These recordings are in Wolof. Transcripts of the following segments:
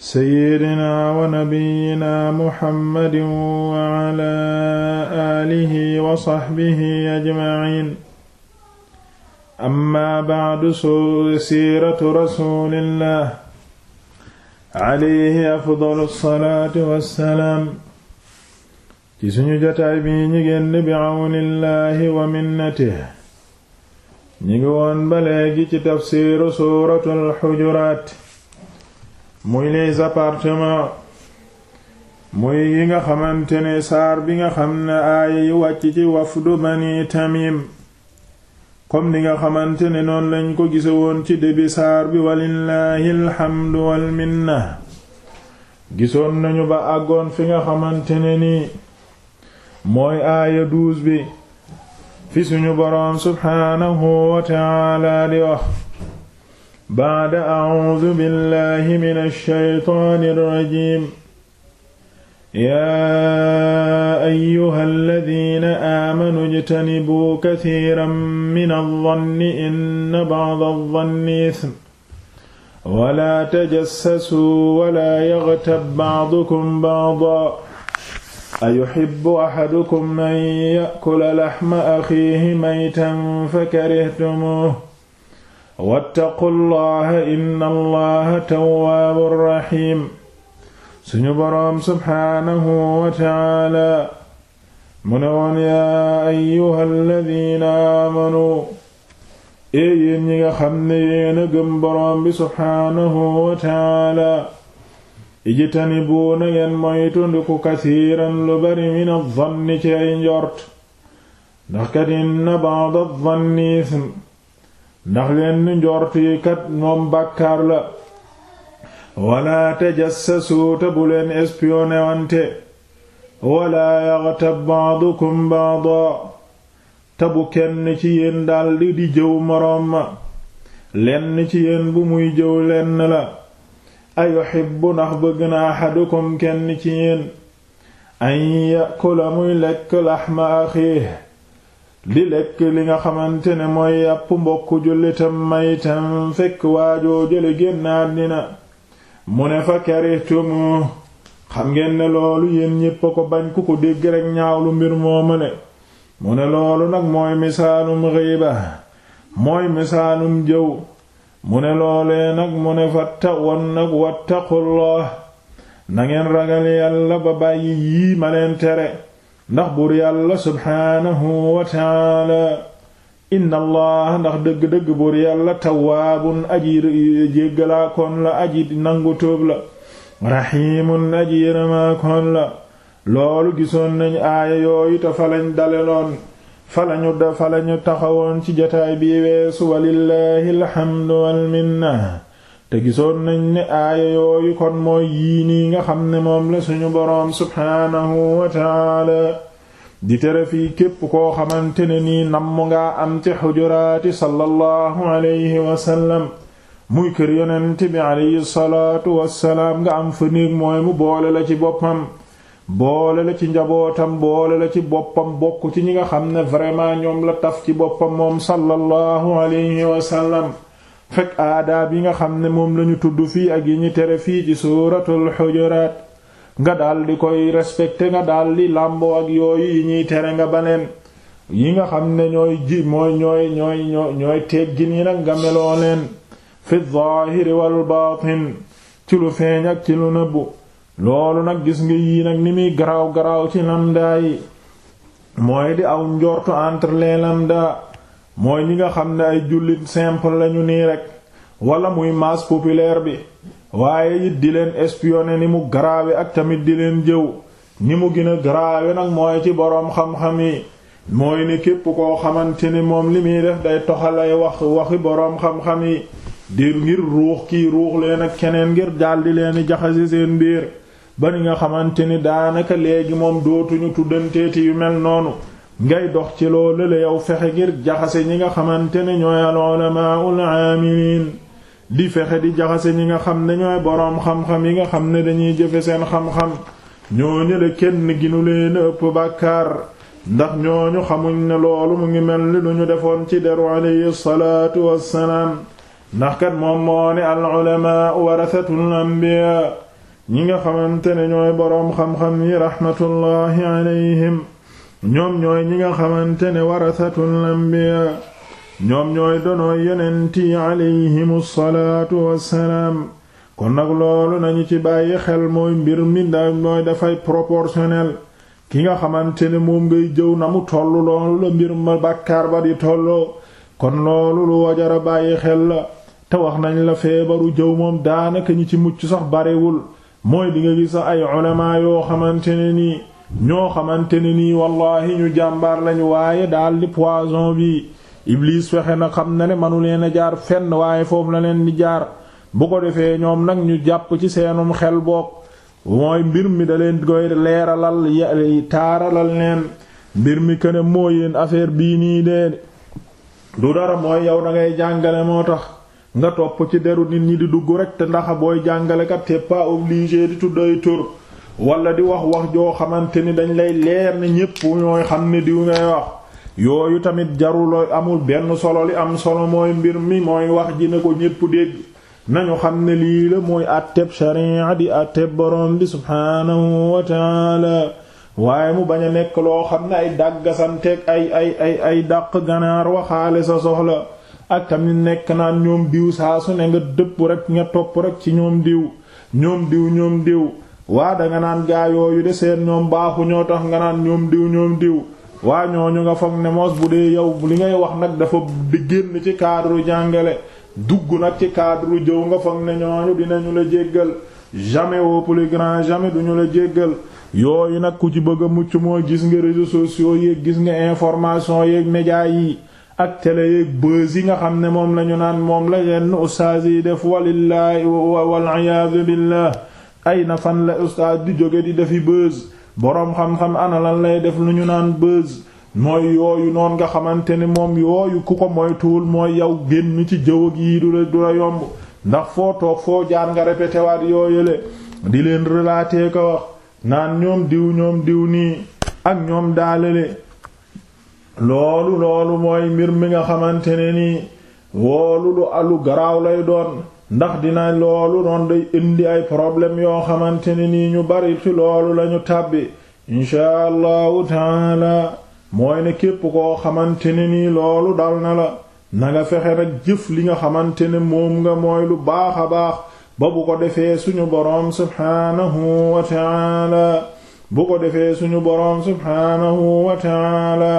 sayyidina wa nabiyyina muhammadin wa ala alihi wa sahbihi ajma'in amma ba'du su siiratu rasulillah alayhi afdalu salaatu wassalaam ci suñu jotaay bi ñi génn bi awnillahi wa minnatihi ñi ngi woon ba léegi ci tafsiiru suuratul xujuraat muy les appartements muy yi nga xamante ne saar bi nga xam ne aaya yi wàcc ci wafdu bani tamim comme ni nga xamante ne noonu lañ ko gise woon ci début saar bi walillahi alhamdu wal minna gisoon nañu ba àggoon fi nga xamante ne nii mooy aaya douze bi fi suñu boroom subhaanahu wa ta'ala di wax baada acuudu billahi min alshaytaan alrajim yaa ayuha alladina aamanu ijtanibuu kacira min aldanni inna bacd aldanni ism wala tajassasuu wala yagtab bacdukum bacda ayuxibbu axadukum an yakula laxma axiihi maytan fakarixtumuuh wattaqu llaha inna allaha tawwaabun raxiim suñu boroom subxaanahu wa tacaala mu ne woon yaa ayyuha alladina aamanu ee yéen ñi nga xam ne yéena gëm boroom bi subxaanahu wa tacaala ijtanibu na ngeen moytundiku kasiiran lu bari min adh-dhanni ci ay njort ndax kat inna ba'da adh-dhanni ism ndax leen ni njort kat moom bàkkaar la wala tajassasu te bu leen espionné wante wala yaghtab ba'dukum ba'da te bu kenn ci yéen daldi di jëw moroom ma lenn ci yéen bu muy jëw lenn la ayuhibbu ndax bëgg na ahadukum kenn ci yéen an yakula muy lekk laxma axiih di lekk li nga xamante ne mooy yàpp mbokk jullitam maytam fekk waajoo jële génnaat na mu ne fa karitumu xam ngeen ne loolu yéen ñépp a ko bañ ku ko dégg rekk ñaawlu mbir moomale mu ne loolu nag mooy misaalum riiba mooy misaalum jëw mu ne loolee nag mu ne fatta won nag wattaqullah nangeen ragal yàlla ba bàyyi yii ma leen tere ndax buur yàlla subhaanahu wa taala inna allah ndax dëgg-dëgg buur yàlla tawaabun aji jéggalaakoon la aji nangu tuub la raxiimun aji yërëmaakoon la loolu gisoon nañ aaya yooyu te fa lañ daleloon da fa taxawoon ci jataay bii weesu walillahi alhamdu wal te gisoon nañ ne aaya yooyu kon mooy yii nii nga xam ne moom la suñu boroom subhaanahu wa taala di tere fii képp koo xamante ne nii namm nga am ci xujuraati sallallahu alayhi wasallam muy kër yonent bi alayhi salaatu wassalaam nga am fa néeg mooy mu boole la ci boppam boole la ci njabootam boole la ci boppam bokk ci ñi nga xam ne vraiment ñoom la taf ci boppam moom sallallahu alayhi wasallam fekk aadaab yi nga xam ne moom lañu tudd fii ak yi ñu tere fii ci suuratul xujuraat nga daldi koy respecté nga daldi làmboo ak yooyu yi ñuy tere nga baneen yi nga xam ne ñooy ji mooy ñooy ñooy ñooy teggin yi nag nga meloo leen fi zaahiri wal baatin ci lu feeñ ak ci lu nëbbu loolu nag gis nga yii nag ni muy garaaw garaaw ci lamda yi mooy di aw njortu entre les lambda mooy ñi nga xam ne ay jullit simple lañu nii rek wala muy masse populaire bi waaye it di leen espionner ni mu garaawe ak tamit di leen jëw ni mu gën a garaawe nag mooy ci boroom xam-xam yi mooy ni képp koo xamante ni moom li muy def day toxalay wax waxi boroom xam-xam yi di ngir ruux kii ruux leen ak keneen ngir daldi leen jaxase seen biir ba ni nga xamante ni daanaka léegi moom dootuñu tuddanteeti yu mel noonu ngay dox ci loo la yow fexe ngir jaxase ñi nga xamante ne ñooy al ulama ul di fexe di jaxase ñi nga xam ne ñooy boroom xam-xam yi nga xam ne dañuy jëfe seen xam-xam ñoo ñële kenn ginu leen ëpp bàkkaar ndax ñooñu xamuñ ne loolu mu ngi mel ni lu ñu defoon ci deru alayhi salaatu wassalaam ndax kat moom moo ne al ulama warasatul anbiya ñi nga xamante ne ñooy boroom xam-xam yi raxmatullaahi alayhim ñoom ñooy ñi nga xamante ne warasatul anbiya ñoom ñooy donooy yonent yi alayhimu salaatu wassalaam kon nag loolu nañu ci bàyyi xel mooy mbir mi da mooy dafay proportionnel ki nga xamante ne moom ngay jëw na mu toll loolu la mbir ma bàkkaar ba di tolloo kon loolu lu wajara bàyyi xel la te wax nañ la feebaru jëw moom daanaka ñi ci mucc sax barewul mooy di nga gis ay ulama yoo xamante ne nii ñoo xamante ne nii wallaahi ñu jàmbaar lañu waaye daal poison bi Iblis fexe na xam na ne manu leen a jaar fenn waaye foofu la leen di jaar bu ko defee ñoom nag ñu jàpp ci seenum xel boog mooy mbir mi da leen koy leeralal taaralal leen mbir mi këne moo yéen affaire bii nii de du dara mooy yow da jàngale moo tax nga topp ci deru nit ñi di dugg rek te ndax booy jàngalekat t'es pas obligé di tudd ay tur. wala di wax wax joo xamante ni dañ lay leer na ñépp ñooy xam ne diw ngay wax yooyu tamit jaruloo amul benn solo li am solo mooy mbir mi mooy wax ji ne ko ñépp dégg nañu xam ne lii la mooy àtteb sharia di àtteb borom bi subhaanahu wa waaye mu bañ a nekk loo xam ne ay dàggasanteeg ay ay ay ay dàq ganaar waxaale sa soxla ak tamit nekk naan ñoom diw saa su ne nga dëpp rek nga topp rek ci ñoom diw ñoom diw ñoom diw waa danga naan gaa yooyu de seen ñoom baaxu ñoo tax nga naan ñoom diw ñoom diw waa ñooñu nga foog ne moos bu dee yow li ngay wax nag dafa di génn ci cadre jàngale dugg nag ci cadre jëw nga foog ne ñooñu dinañu la jéggal jamais au plus grand jamais duñu la jéggal yooyu nag ku ci bëgg a mucc moo gis ngi réseaux sociaux yeeg gis nga information yeeg médias yi ak télé yeeg buzz yi nga xam ne moom lañu naan moom la yenn ustaas yi def walillahi wal iyaadu billah ay na fan la ustaas di jóge di defi bës boroom xam-xam ana lan lay def lu ñu naan bës mooy yooyu noon nga xamante ni moom yooyu ku ko moytuwul mooy yow génn ci jëw ak yii du la yomb ndax foo toog foo jaar nga répété waat yooyale di leen relater ko wax naan ñoom diw ñoom diw nii ak ñoom daalale loolu loolu mooy mbir mi nga xamante ne nii woolu lu alu garaaw lay doon ndax dina loolu noon day indi ay problème yoo xamante ni nii ñu bari ci loolu lañu tàbbi inchaa allahu taala mooy ne képp koo xamante ne nii loolu dal na la na nga fexe rekk jëf li nga xamante ne moom nga mooy lu baax a baax ba bu ko defee suñu boroom subhaanahu wa taala bu ko defee suñu boroom subhaanahu wa taala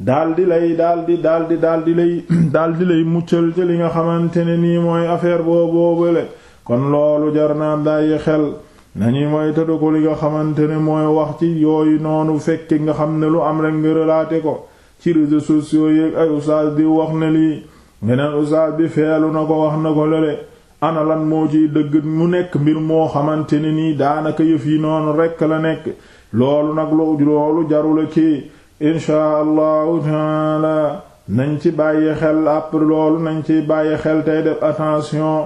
daal di lay daal di daal di daal di lay daal di lay muccal ci li nga xamante ne nii mooy affaire booboobale kon loolu jar naa bàyyi xel nañuy mooy tëdd ko li nga xamante ne mooy wax ci yooyu noonu fekk nga xam ne lu am rek nga ko ci réseaux sociaux yeeg ay oustaz di wax ne lii ngeneen oustaz bi feelu na ko wax na ko lole ana lan moo ciy dëgg mu nekk mbir moo xamante ne nii daanaka yëf yi noonu rekk la nekk loolu nag loolu jarula kii inchaa allahu taala nañ ci bàyyi xel après loolu nañ ci bàyyi xel tey def attention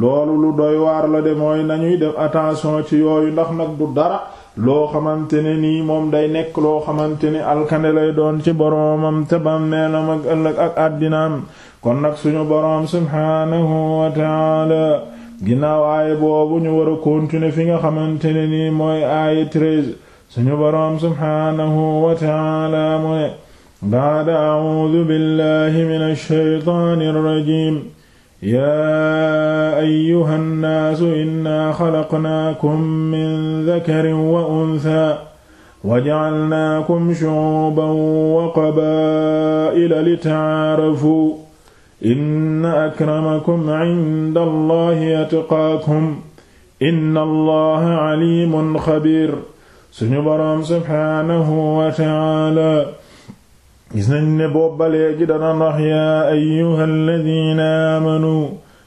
loolu lu doy waar la de mooy nañuy def attention ci yooyu ndax nag du dara loo xamante ne nii moom day nekk loo xamante ni alkande lay doon ci boroomam te na ak ëllëg ak àddinaam kon nag suñu boroom subhaanahu wa ginnaaw aaya boobu ñu war a fi nga xamante ne nii mooy aaya treize suñu boroom subhaanahu wa ta'aala mu ne ba'da a'uudu billahi minash shaytaanir rajiim yaa ayyuhan naasu innaa xalaqnaakum min dakarin wa unthaa waja'alnaakum shu'uuban wa qabaa'ila lita'aarafuu inna akramakum 'inda Allahi atqaakum inna Allaha 'aliimun xabiir suñu boroom subhaanahu wa ta'ala gis nañ ne booba léegi dana wax yaa ayyuhal ladina amanu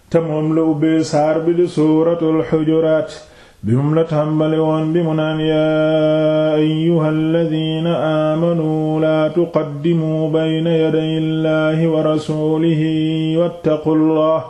te moom la ubbee saar bi di suuratul xujuraat bi moom la tàmbali woon bi mu naan yaa ayyuhal ladina amanu laa tuqaddimuu bayna yaday llahi wa rasuulihi wattaqu llah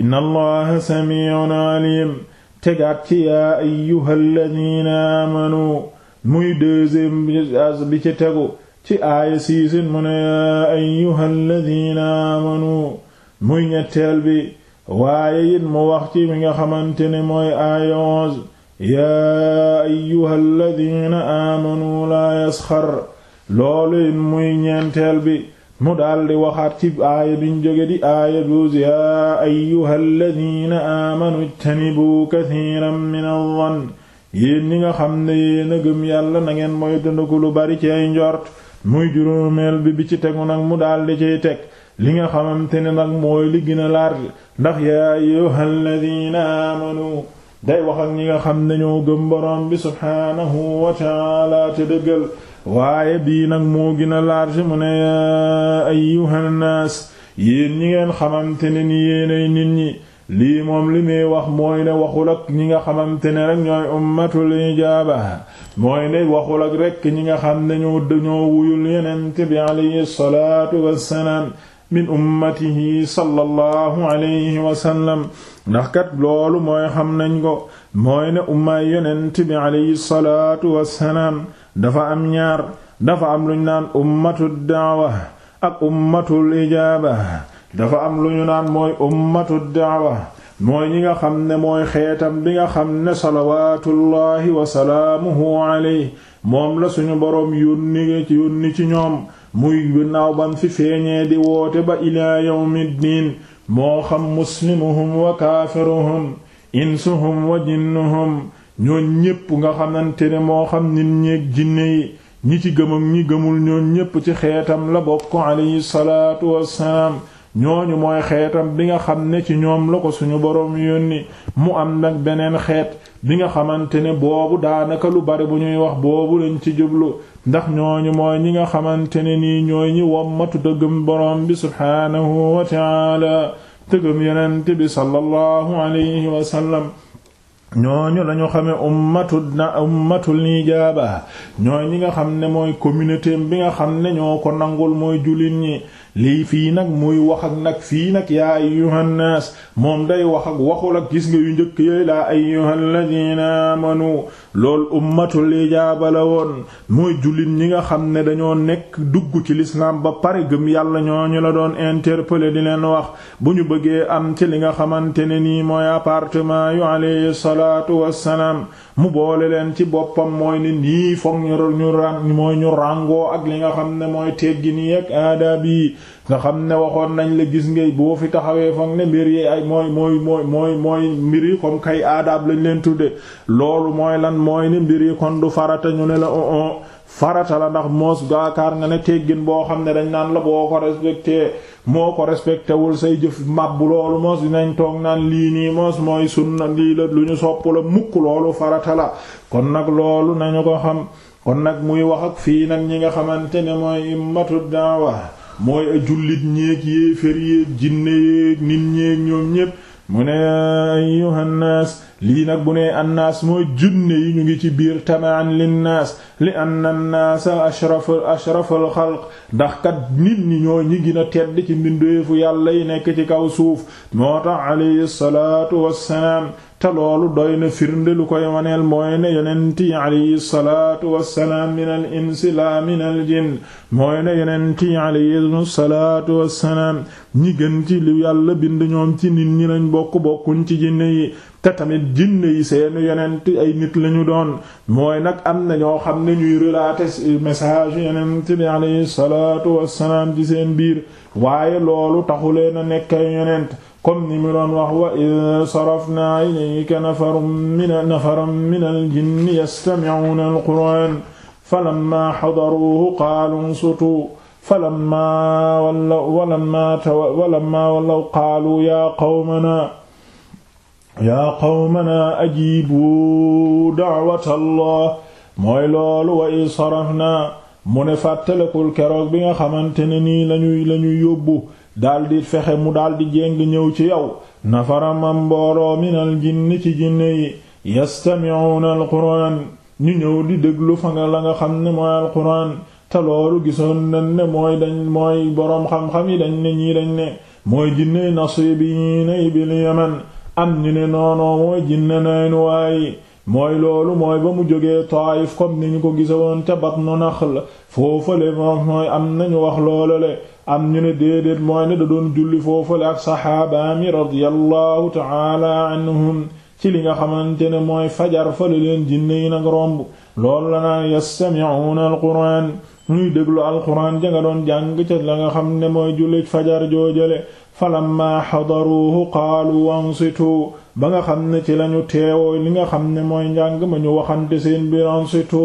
inna allaha samii'un aliim tegaat ci yaa ayyuhal ladina amanu muy deuxième bi ci tegu ci aaya siisin mu ne yaa ayyuhal ladina amanu muy ñetteel bi waaye it mu wax ci mi nga xamante ne mooy aaya onze yaa ayyuhal ladina amanu laa yasxar loolu muy ñeenteel bi mu daldi waxaat ci aaya biñ jóge di aaya duus yaa ayyuha alladina aamanu ijtanibu kathiran min adh-dhann ñi nga xam ne yéen a gëm yàlla na ngeen mooy dëndaku lu bari ci ay njort muy juróomeel bi bi ci tegu nag mu daldi ciy teg li nga xamante ne nag mooy liggina gën a ndax yaa ayyuha aamanu day wax ak ñi nga xam ne ñoo gëm boroom bi subhaanahu wa ta'aala te dëggal waaye bii nag moo gën a large mu ne yaa ayyuhan naas yéen ñi ngeen xamante ne ni yéenay nit ñi lii moom li muy wax mooy ne waxul ak ñi nga xamante ne rek ñooy ummatul ijaaba mooy ne waxul ak rek ñi nga xam ne ñoo dañoo wuyul yenent bi alayhi salaatu wassalaam min ummatihi sallallahu alayhi wasallam ndax kat loolu mooy xam nañ ko mooy ne ummaay yenent bi alayhi salaatu wassalaam dafa am ñaar dafa am lu ñu naan ummatu daawa ak ummatul ijaaba dafa am lu ñu naan mooy ummatu daawa mooy ñi nga xam ne mooy xeetam bi nga xam ne salawaatullaahi wa salaamuhu moom la suñu boroom yónni ci yónni ci ñoom muy ginnaaw bam fi feeñee di woote ba ilaa yawmiddiin moo xam muslimuhum wa kaafiruhum insuhum wa jinnuhum ñoon ñépp nga xamante ne moo xam nit ñeeg jinne yi ñi ci gëmam ñi gëmul ñoon ñépp ci xeetam la bokk alayhi salaatu wassalaam ñooñu mooy xeetam bi nga xam ne ci ñoom la ko suñu boroom yónni mu am nag beneen xeet bi nga xamante ne boobu daanaka lu bari bu ñuy wax boobu lañ ci jublu ndax ñooñu mooy ñi nga xamante ne nii ñooy ñi wommatu dëggum boroom bi subhaanahu wa taala dëggum yonent bi sallallahu alayhi wa sallam ñooñu la ñu xamee ummatu na ummatul nijaaba ñooy ñi nga xam ne mooy communauté bi nga xam ne ñoo ko nangul mooy jullit ñi lii fii nag muy wax ak nag fii nag yaa ayyuhan naas moom day wax ak waxul ak gis nga yu njëkk yooyu laa ayyuhal amanu loolu ummatul ijaaba la woon mooy jullit ñi nga xam ne dañoo nekk dugg ci lislaam ba pare gëm yàlla ñu la doon interpeller di leen wax bu ñu bëggee am ci li nga xamante ne nii mooy appartement yu alayhi salaatu wassalaam mu boole leen ci boppam mooy ni nii foog ñu ñu ràn mooy ñu ràngoo ak li nga xam ne mooy teggi nii ak aadaab yi nga xam ne waxoon nañ la gis ngay boo fi taxawee foog ne mbir yi ay mooy mooy mooy mooy mooy mbir yi comme kay aadaab lañ leen tuddee loolu mooy lan mooy ni mbir yi kon du farata ñu ne la o oh, oh, farata la ndax moos gaakaar nga ne teggin boo xam ne dañ naan la boo ko respecté moo ko respecté wul say jëf mabbu loolu moos dinañ toog naan lii nii moos mooy sunna lii la lu ñu sopp la mukk loolu farata la kon nag loolu nañu ko xam kon nag muy wax ak fii nag ñi nga xamante ne mooy immatu daawa mooy jullit ñéeg yéeg fér yéeg jinne yéeg nit ñéeg ñoom ñépp mu ne ayyuhan nas lii nag bu nee annaas mooy junne yi ñu ngi ci biir tamaan linnaas li anna nnaasa ashrafa ashrafa alxalq ndax kat nit ñi ñoo ñi gën tedd ci mbindeefu yàlla yi nekk ci kaw suuf moo tax alayhi salaatu wassalaam te loolu doy na firnde lu koy waneel mooy ne yonent yi alayhi salaatu wassalaam min al insi ñi gën ci lu yàlla bind ñoom ci nit ñi lañ bokk bokkuñ ci jinne yi te tamit jinne yi seeni yonent ay nit lañu doon mooy nag am na ñoo xam ne ñuy relater message yonent bi alayhi salaatu wassalaam ci seen biir waaye loolu taxulee na nekk ay yonent comme ni mu doon wax wa id sarafna ilayka nafarum min nafaram min al jinni yastami'una al qur'an falamma hadaruhu qaalu ansutu falamma wallaw walamma wallaw qaalu ya qawmana yaa qawmanaa ajibu da'wata allah mooy loolu wa i sarafna mu ne fàttalekul keroog bi nga xamante ne nii lañuy lañuy yóbbu daldi fexe mu daldi jéng ñëw ci yow nafaramam mbooloo minal jinni ci jinne yi yastami'una alquraan ñu ñëw di déglu fa nga la nga xam ne mooy alquraan te loolu gisoon nañ ne mooy boroom xam-xam yi dañ ne ñii dañ ne mooy jinne nasibiina yi bil yaman am ñu ne noonoo mooy jinne naynu waayi mooy loolu mooy ba mu jógee Taayif comme ni ñu ko woon ca Batnu Naxl foofale moom mooy am nañu wax loolale am ñu ne déedéet mooy ne da doon julli foofale ak saxaabaami radiyallahu ta'ala anhum ci li nga xamante ne mooy fajar fale leen jinne yi nag romb lool la naan yastami'uuna alquraan ñuy déglu alquraan ja nga doon jàng ca la nga xam ne mooy jullit fajar joojale falamma xadaruuhu qaalu ansitu ba nga xam ne ci lañu teewoo li nga xam ne mooy njàng ma ñu waxante seen biir ansitu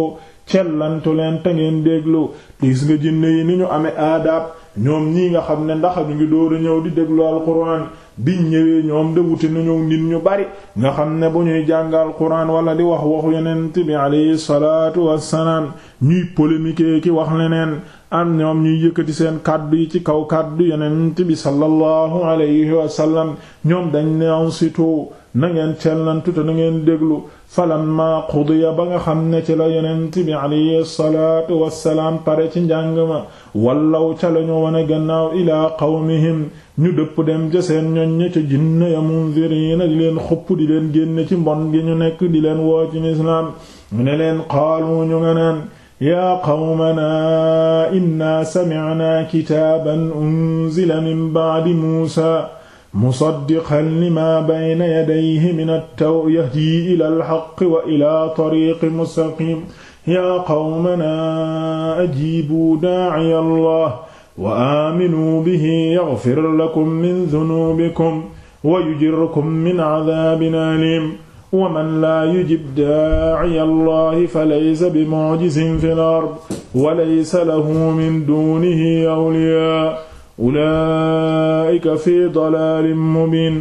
cellantu leen te ngeen déglu gis nga jinne yi ni ñu amee aadaab ñoom ñii nga xam ne ndax ñu ngi dóoru ñëw di déglu alxuraan bi ñëwee ñoom de wuti nañu nit ñu bari nga xam ne bu ñuy jàngal quran wala di wax waxu yonent bi alayhi salaatu wassalaam ñuy polémique ki wax leneen am ñoom ñuy yëkkati seen kàddu yi ci kaw kàddu yonent bi sallallahu alayhi wasallam ñoom dañ ne ansitu na ngeen cellantu te na ngeen déglu falamma qudiya ba nga xam ne ci la yonent bi alayhi salaatu wassalaam pare ci njàng ma wallaw ca lañu wone gannaaw ilaa qawmihim ñu dëpp dem ca seen ñoñ ña ca jinne ya mundirina di leen xupp di leen génne ci mbon gi ñu nekk di leen woo ci islaam mu ne leen qaalu ñu nga naan yaa qawmanaa innaa sami'naa kitaaban unzila min ba'di muusaa musaddiqan lima bayna yadayhi min at-taw yahdi ila al-haqqi wa ila tariiqi mustaqim yaa qawmanaa ajiibuu daaciya allah wa aaminuu bihi yaghfir lakum min dunuubikum wa yujirkum min cadaabin aliim wa man laa yujib daaciya allahi falaysa bimucjizin fil ard wa laysa lahu min duunihi awliyaa ulaa'ika fi dalaalin mubiin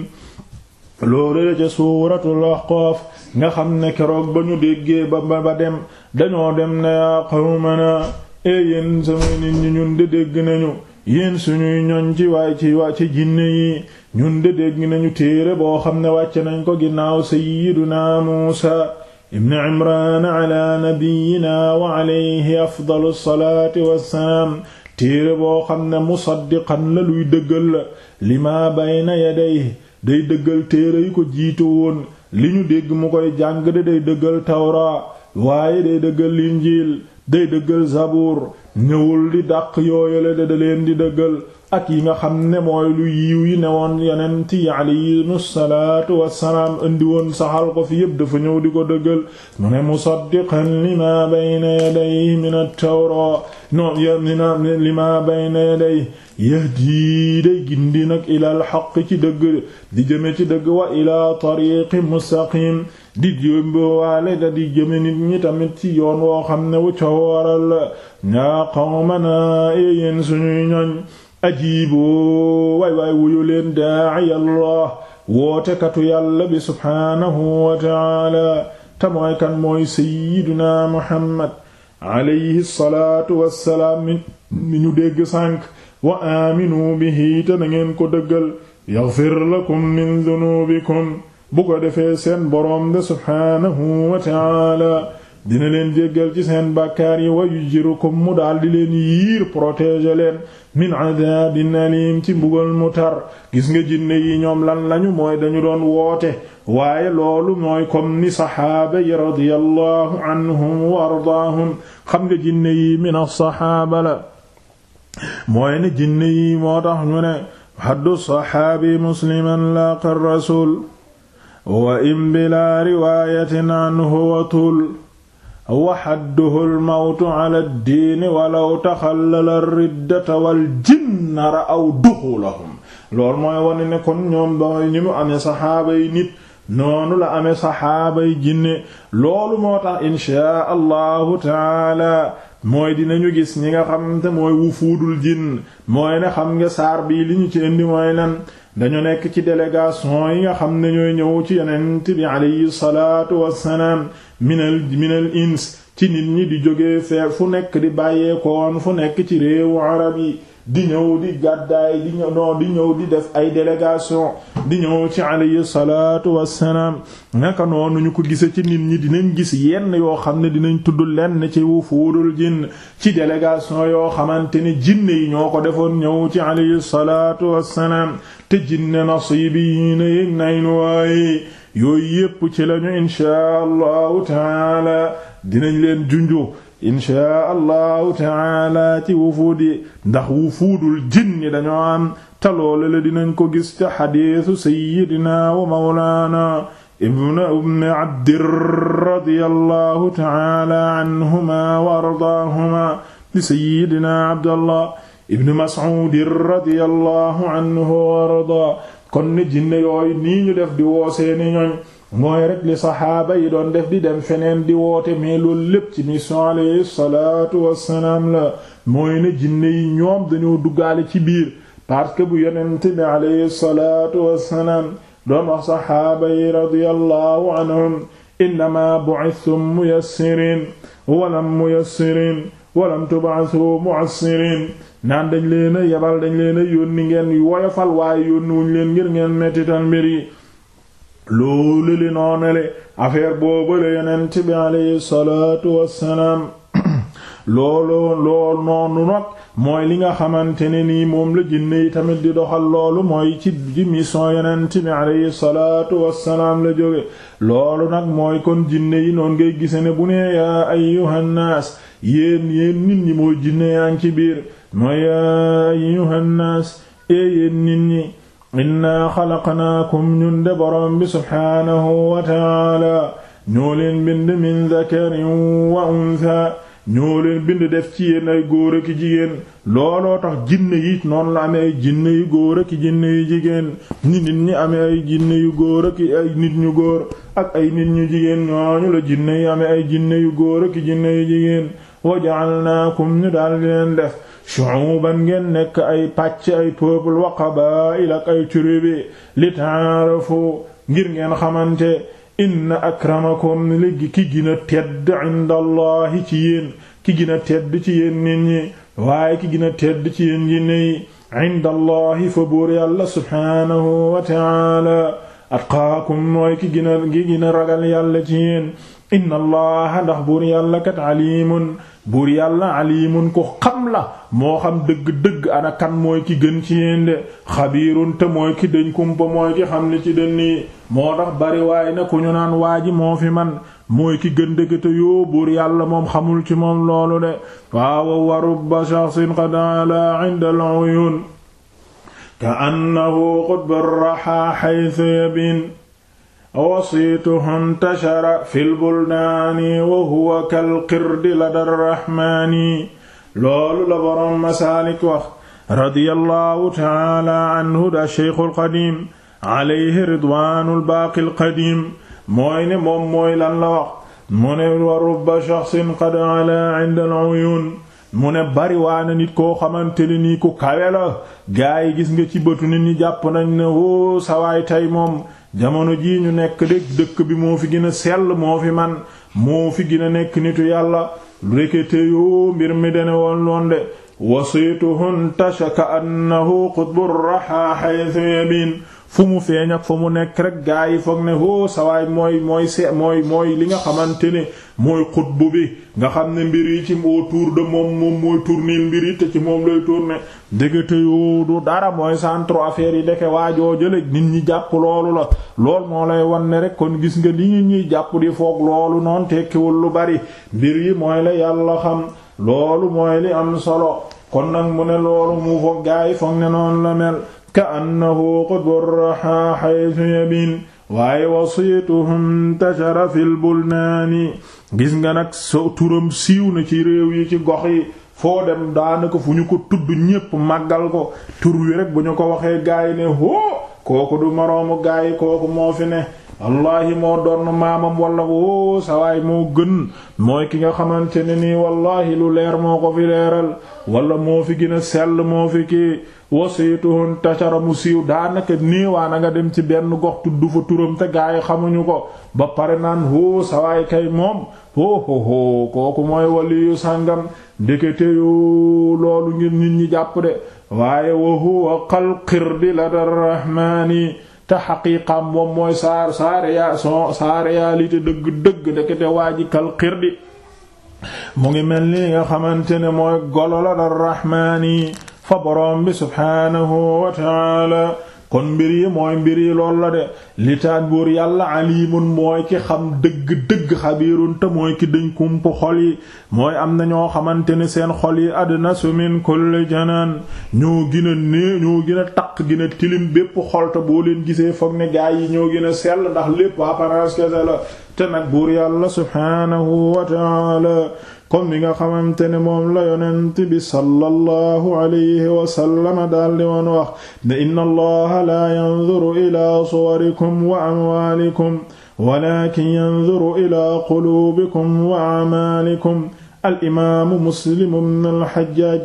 loolu la ca suuratul ahqaaf nga xam ne keroog ba ñu déggee ba ba dem dañoo dem ne yaa qawmanaa ee yéen sama nit ñi ñun de dégg nañu yéen suñuy ñoñ ci waay ci waa ci jinne yi ñun de dégg nañu téere boo xam ne wàcc nañ ko ginnaaw sayyidunaa Muusaa ibn Imraan ala nabiyyinaa wa alayhi afdalu salaati wassalaam téere boo xam ne musaddiqan la luy dëggal la li lima bayna yadayhi day dëggal téere yu ko jiite woon li ñu dégg mu koy jàng de day dëggal tawra waaye day dëggal injiil day dëggal zabuur ñëwul di dàq yooyale de leen di dëggal ak yi nga xam ne mooy lu yiw yi ne woon yonent yi alayhimu salaatu wassalaam indi woon sa ko fi yépp dafa ñëw di ko dëggal mu ne musaddiqan lima bayna yadayhi min at-tawra no lima bayna yadayhi yahdi day gindi nag ilal xaq ci dëgg di jëme ci dëgg wa ila tariqi mustaqim di yóbbuwaale da di jëme nit ñi tamit ci yoon woo xam ne wu ca waral ñaa qawmana yeen suñuy ñoñ ajibu waay waay wuyu leen daa'iya allah wootekatu yàlla bi subhaanahu wa ta'ala te mooy kan mooy sayyiduna muhammad alayhi salaatu wassalaam mi ñu dégg sànk wa aaminu bihi te na ngeen ko dëggal yaghfir lakum min dunuubikum bu ko defee seen boroom de subhaanahu wa ta'ala dina leen jéggal ci seen bàkkaar yi wa yujirukum mu daal di leen yiir protéger leen min adabin alim ci mbugal mu tar gis nga jinne ñoom lan lañu mooy dañu doon woote waaye loolu mooy comme ni saxaaba yi radiyallahu anhum wa ardaahum xam nga jinne min as-saxaaba mooy ne jinne moo tax ñu ne haddu saxaabi musliman laqa rasul wa in bila riwayatin anhu wa tul waxadduhu lmawtu ala ddiini walaw taxallala riddata wal jinna ra'aw duxulahum loolu mooy wane ne kon ñoom damay ñi mu amee saxaaba yi nit noonu la ame saxaaba yi jinne loolu moo tax inchaa allahu taala mooy dinañu gis ñi nga xam te mooy wufuudul jinn mooy ne xam nga saar bii li ñu ci indi mooy lan dañu nekk ci délégation yi nga xam ne ñooy ñëw ci yonent bi alayhi salaatu wassalaam minal minal ins ci nit ñi di jóge fee fu nekk di bàyyeekoon fu nekk ci réewu arab yi di ñëw di gàddaay di ñëw di ñëw di def ay délégation di ñëw ci alayhi salaatu wassalaam naka noonu ñu ko gise ci nit ñi dinañ gis yenn yoo xam ne dinañ tudd lenn ci wufuudul jinn ci délégation yoo xamante ne jinne yi ñoo ko defoon ñëw ci alayhi salaatu wassalaam te jinne nasibiina yég nayn waaye yooyu yépp ci lañu inshaa allahu taala dinañ leen junju inchaa allahu taala ci wufuudi ndax wufuudul jinni dañoo am te loolu la dinañ ko gis ca xadiisu sayyidina wa mawlaana ibn ibn abdir radiyallahu taala anhuma wa ardaahuma li sayyidina abdallah ibn mas'ud radiyallahu anhu wa ardaa kon ni jinne nii def di woosee ni ñoñ mooy rek li saxaaba yi doon def di dem feneen di woote mais lool lépp ci mission alayhi salaatu wassalaam la mooy ne jinne yi ñoom dañoo duggaale ci biir parce que bu yonent bi alayhi salaatu wassalaam doon wax saxaaba yi radiyallahu anhum innama bu'ithtum muyassirin walam muyassirin walam tub'athu mu'assirin naan dañ leen a yebal dañ leen a yónni ngeen woyofal waaye yónni wuñ leen ngir ngeen mettital mbir yi loolu li noonale affaire boobu la yonent bi aleyhi salaatu wassalaam looloo lool noonu nag mooy li nga xamante ne nii moom la jinne yi tamit di doxal loolu mooy ci ci mission yonent bi aleyhi salaatu wassalaam la jóge loolu nag mooy kon jinne yi noon ngay gise ne bu nee yaa ayyuhan naas yéen yéen nit ñi mooy jinne yaa ci biir mooy yaa ayyuhan ee yéen nit ñi inna xalaqnaakum ñun de boroom bi subhaanahu wa taala ñoo leen bind min dakarin wa untha ñoo leen bind def ci yéen ay góor ak jigéen looloo tax jinne yi noonu la amee ay jinne yu góor ak jinne jigéen nit ñi amee ay jinne yu góor ak ay nit ñu góor ak ay nit ñu jigéen ñooñu la jinne yi amee ay jinne yu góor ak jinne yu jigéen wa ja'alnaakum ñu daal leen def shu'uban ngeen nekk ay pàcc ay peuple wa qabaa'il ak ay tribu li ta'arafu ngir ngeen xamante inna akramakum léegi ki gina tedd inda allahi ci yéen ki gina tedd ci yéen nit ñi waaye ki gina tedd ci yéen yi ne inda allahi fa buur yàlla subhaanahu wa ta'ala atqaakum mooy ki gina ki gina ragal yàlla ci yéen inna allaha ndax buur yàlla kat alimun buur yàlla alimun ko xam la moo xam dëgg-dëgg ana mooy ki gën ci yéen de xabiirun te mooy ki dëñ kumpa mooy ki xam ne ci dënn yi moo tax bari waaye ne ku ñu naan waa ji moo fi man mooy ki gën dëggate yoo buur yàlla moom xamul ci moom loolu de waaw wa rubba shaxsin qad ala inda al-uyun ka annahu qutb ar-raha haythu yabin wasiituhu ntashara fi lbuldaani wa huwa kalqirdi la darrahmaani loolu la boroom masaalik wax radiyallahu taala anhu da sheykhul qadiim alayhi ridwaanul baaqil qadiim mooy ne moom mooy lan la wax mu ne wa rubba shaxsin qad alaa inda al-uyuun mu ne bari waana nit koo xamante ne nii ku kawe la gaa yi gis nga ci bëtu nit ñi jàpp nañ ne woo sawaay tey moom jamono jii ñu nekk de dëkk bi moo fi gën a sell moo fi man moo fi gin a nekk nitu yàlla rekete yoo mbir mi dene won loon de wasiituhun tashaka annahu qutbur raha haythu fu mu feeñ ak fu mu nekk rek gaa yi foog ne hoo sawaay mooy mooy se mooy mooy li nga xamante ne mooy xutbu bi nga xam ne mbir yi ci autour moom moom mooy tourner mbir ci moom lay tourner dëgate yoo du dara mooy centre affaire yi deke waajoo jële nit ñi jàpp loolu la lool moo lay wan ne rek kon gis nga li ñuy jàpp di foog loolu noonu tekkiwul lu bari mbir yi mooy la yàlla xam loolu mooy li am solo kon nag mu ne loolu mu foog gaa yi foog ne noonu la mel ka annahu qutbur raha haythu yabin waaye wasiyatuhum tashara fil ni gis nga nag so turam siiw na ci réew yi ci gox yi foo dem daanaka fu ñu ko tudd ñépp màggal ko tur wi rek bu ñu ko waxee gaay ne hoo kooku du moroomu gaay kooku moo fi ne wallaahi moo doon maamam wala woo sawaay moo gën mooy ki nga xamante ne nii wallaahi lu leer moo ko fi leeral wala moo fi gën sell moo fi kii wasiyatuhun tashara mu siiw daanaka néewaana nga dem ci benn gox tudd fa turam te gaay xamuñu ko ba pare naan hoo sawaay kay moom hohoho kooku mooy waliyu sàngam ndekete yoo loolu ngir nit ñi jàpp de waaye wa huwa xalqirdi la dar rahmaani te xaqiiqam moom mooy saar saare yaa son saare yaa li te dëgg dëgg ndekete waa ji xalqirdi mu ngi mel ni nga xamante ne mooy golo la dar fa boroom bi subhaanahu wa kon mbir yi mooy mbir yi lool la de li taat buur yàlla alimun mooy ki xam dëgg-dëgg xabiirun te mooy ki dañ xol yi mooy am na ñoo xamante ne seen xol yi adnasu min kulli janaan ñoo gën a nee ñoo gën a taq gën a tilim bépp xol te boo leen gisee foog ne gaay yi ñoo gën a sell ndax lépp apparence kese te nag buur yàlla subhaanahu wa comme ni nga xamante ne moom la yonent bi sallallahu alayhi wasallama daal di woon wax ne inna allaha la yanzuru ila suwarikum wa amwalikum walakin yanzuru ila qulubikum wa a'malikum al imaamu muslim ibn al hajjaj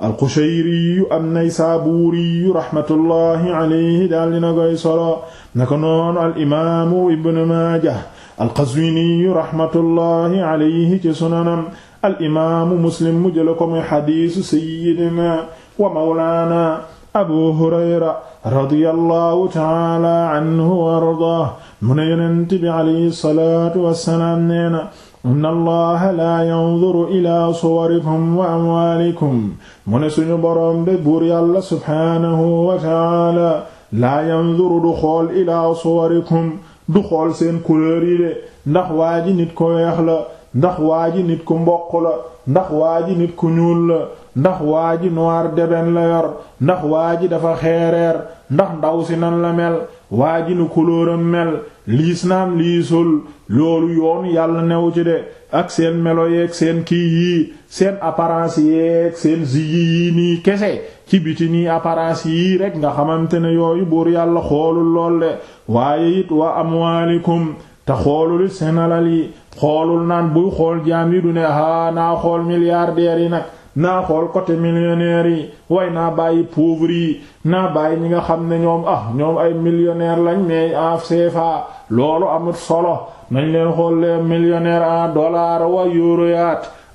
alqushayriyu am naysaabuuriyu rahmatullahi alayhi daal dina koy solo naka noonu al imaamu ibn maajah alqazwini rahmatullahi alayhi ci sunanam al imaamu muslim mu jëla ko muy xadiisu sayyidina wa mawlaana abu hurayra radiyallahu taala anhu wa ardaah mu ne yonent bi alayhi salaatu wassalaam nee na inna allaha laa yanzuru ila suwarikum wa amwaalikum mu ne suñu boroom de buur yàlla subhaanahu wa taala laa yanzuru du xool ila suwarikum du xool seen couleur yi ndax waa ji nit ku weex la ndax waa ji nit ku mbokk la ndax waa ji nit ku ñuul la ndax waa ji nuwaar deben la yor ndax waa ji dafa xeereer ndax ndaw si nan la mel waa ji nu couleuram mel liis naam liisul loolu yoon yàlla newu ci de ak seen melo yeeg seen kii yii seen apparence yeeg seen zigi yii nii kese ci biti nii apparence yii rek nga xamante ne yooyu buur yàlla xoolul lool de waaye it wa amwaalikum te xoolul seen alal yi xoolul naan buy xool jaam yi du ne haa naa xool milliardaires yi nag naa xool côté millionnaires yi way naa bàyyi pauvres yi naa bàyyi ñi nga xam ne ñoom ah ñoom ay millionnaires lañ mais en ah, CFA loolu amut solo nañ leen xool les millionnaires en dollar wa euro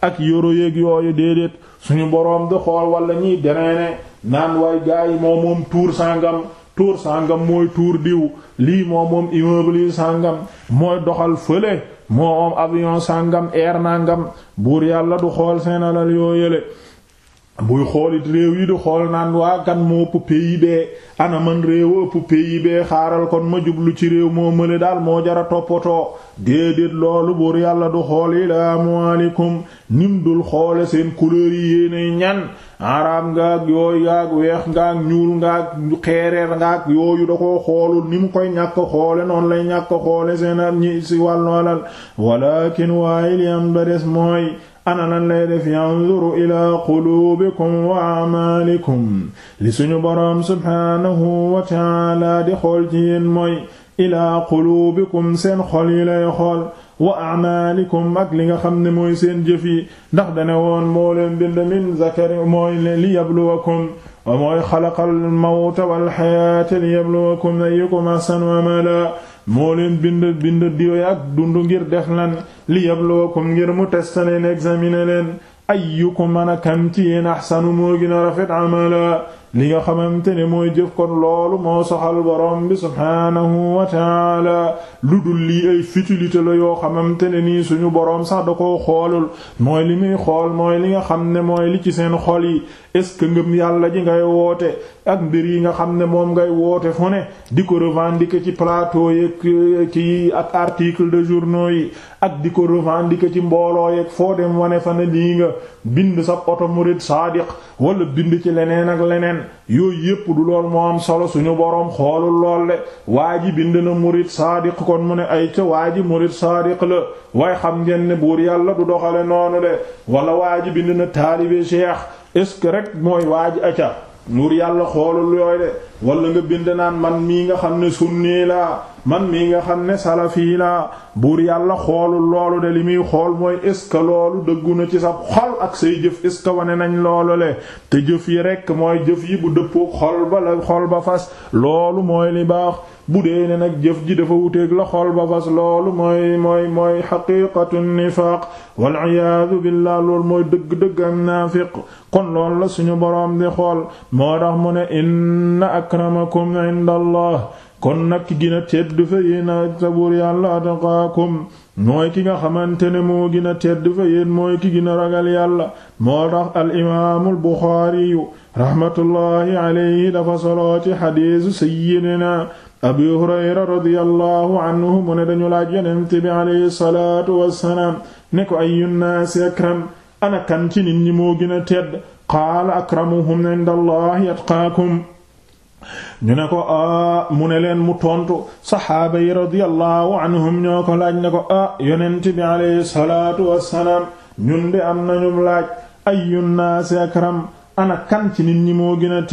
ak euro yeeg yooyu déedéet suñu boroom di xool wala ñiy deneene naan way gaa yi moom moom tuur sangam tuur sangam mooy tuur diw lii moom moom immeuble mooy doxal fële moo am avion sàngam air nangam buur yàlla du xool seen alal yoo yële buy xoolit réew yi du xool naan waa kan moo ëpp PIB ana man réew ëpp PIB xaaral kon ma jublu ci réew moo mële daal moo jara toppatoo déedéet loolu buur yàlla du xool ilaamualeykum nim dul xoole seen couleur yi yéenay ñan araam ngaak yooyu ngaak weex ngaak ñuul ngaak xeereer ngaak yooyu da ko xoolul ni mu koy ñàkk xoole noonu lay ñàkk xoole seen ñi si wàllu alal walakin waaye li am ba des mooy ana lan lay def yanzuru ila qulubikum wa a'malikum li suñu boroom subhaanahu wa ta'ala di xool ci yéen mooy ila qulubikum seen xol yi lay xool wa a'malikum ak li nga xam ne mooy seen jëf yi ndax dane woon moo leen bind min zakari mooy li yabluwakum wa mooy xalaqal mawta wal hayaata li yabluwakum ayyukum ahsanu amala moo leen bind bind diwe ak dund ngir def lan li yabluwakum ngir mu testa leen examiner leen ayyukum ana kam ci yéen ahsanu moo gën a rafet amala li nga xamante ne mooy jëf kon loolu moo soxal borom bi subhaanahu wa taala lu dul lii ay futilité la yoo xamante ne nii suñu borom sax da koo xoolul mooy li muy xool mooy li nga xam ne mooy li ci seen xol yi est-ce que ngëm yàlla ji ngay woote ak mbir yi nga xam ne moom ngay woote fu ne di ko revendiquer ci plateau yeeg euh, ci ak article de journaux yi ak di ko revendiquer ci mbooloo yeeg foo dem wane fa ne lii nga bind sa oto murid saadiq wala bind ci leneen ak leneen yooyu yépp du lool moo am solo suñu boroom xoolul lool de waa ji bind na murid saadiq kon mu ne ay ca waa ji murid saadiq la waaye xam ngeen ne buur yàlla du doxale noonu de wala waa bind na taalibe est-ce que rek mooy waaji aca nuur yàlla xoolul yooyu de wala nga bind naan man mii nga xam ne sunni laa man mii nga xam ne salafi laa buur yàlla xoolul loolu de li muy xool mooy est-ce que loolu dëggu na ci sa xol ak say jëf est-ce que wane nañ loolu le te jëf yi rekk mooy jëf yi bu dëppook xol ba la xol ba fas loolu mooy li baax bu dee ne nag jëf ji dafa wuteeg la xol ba fas loolu mooy mooy mooy xaqiqatu nifaaq wal iyaadu billah loolu mooy dëgg-dëgg am naafiq kon lool la suñu boroom di xool moo tax mu ne inna akramakum inda allah kon nag gi gën a tedd fa yéen a sa buur yàlla atqaakum mooy ki nga xamante ne moo gën a tedd fa yéen mooy ki gën a ragal yàlla moo tax al imaamul buxaari yu rahmatullahi alayhi dafa soloo ci xadiisu abi hurayra radiyallahu anhu mu ne dañu laaj yonent bi alayhi salaatu wassalaam ne ko ayu nnaasi akram kan ci gën a tedd qaala akramuhum inda allahi atqaakum ñu ne ko ah, mu ne leen mu tontu saxaaba yi radiyallahu ko laaj ne ko ah yonent bi alayhi nañu laaj ayu nnaasi akram ana kan ci nit ñi moo gën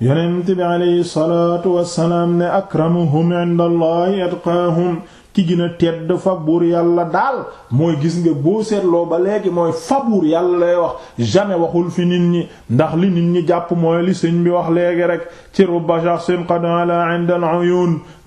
yonent bi aleyhi salaatu wassalaam ne akramuhum inda allahi atqaahum ki gën a tedd fa buur yàlla daal mooy gis nga boo seetloo ba léegi mooy fa buur yàlla lay wax jamais waxul fi nit ñi ndax li nit ñi jàpp mooy li sëñ bi wax léegi rek ci rubba shakhsin qad ala inda al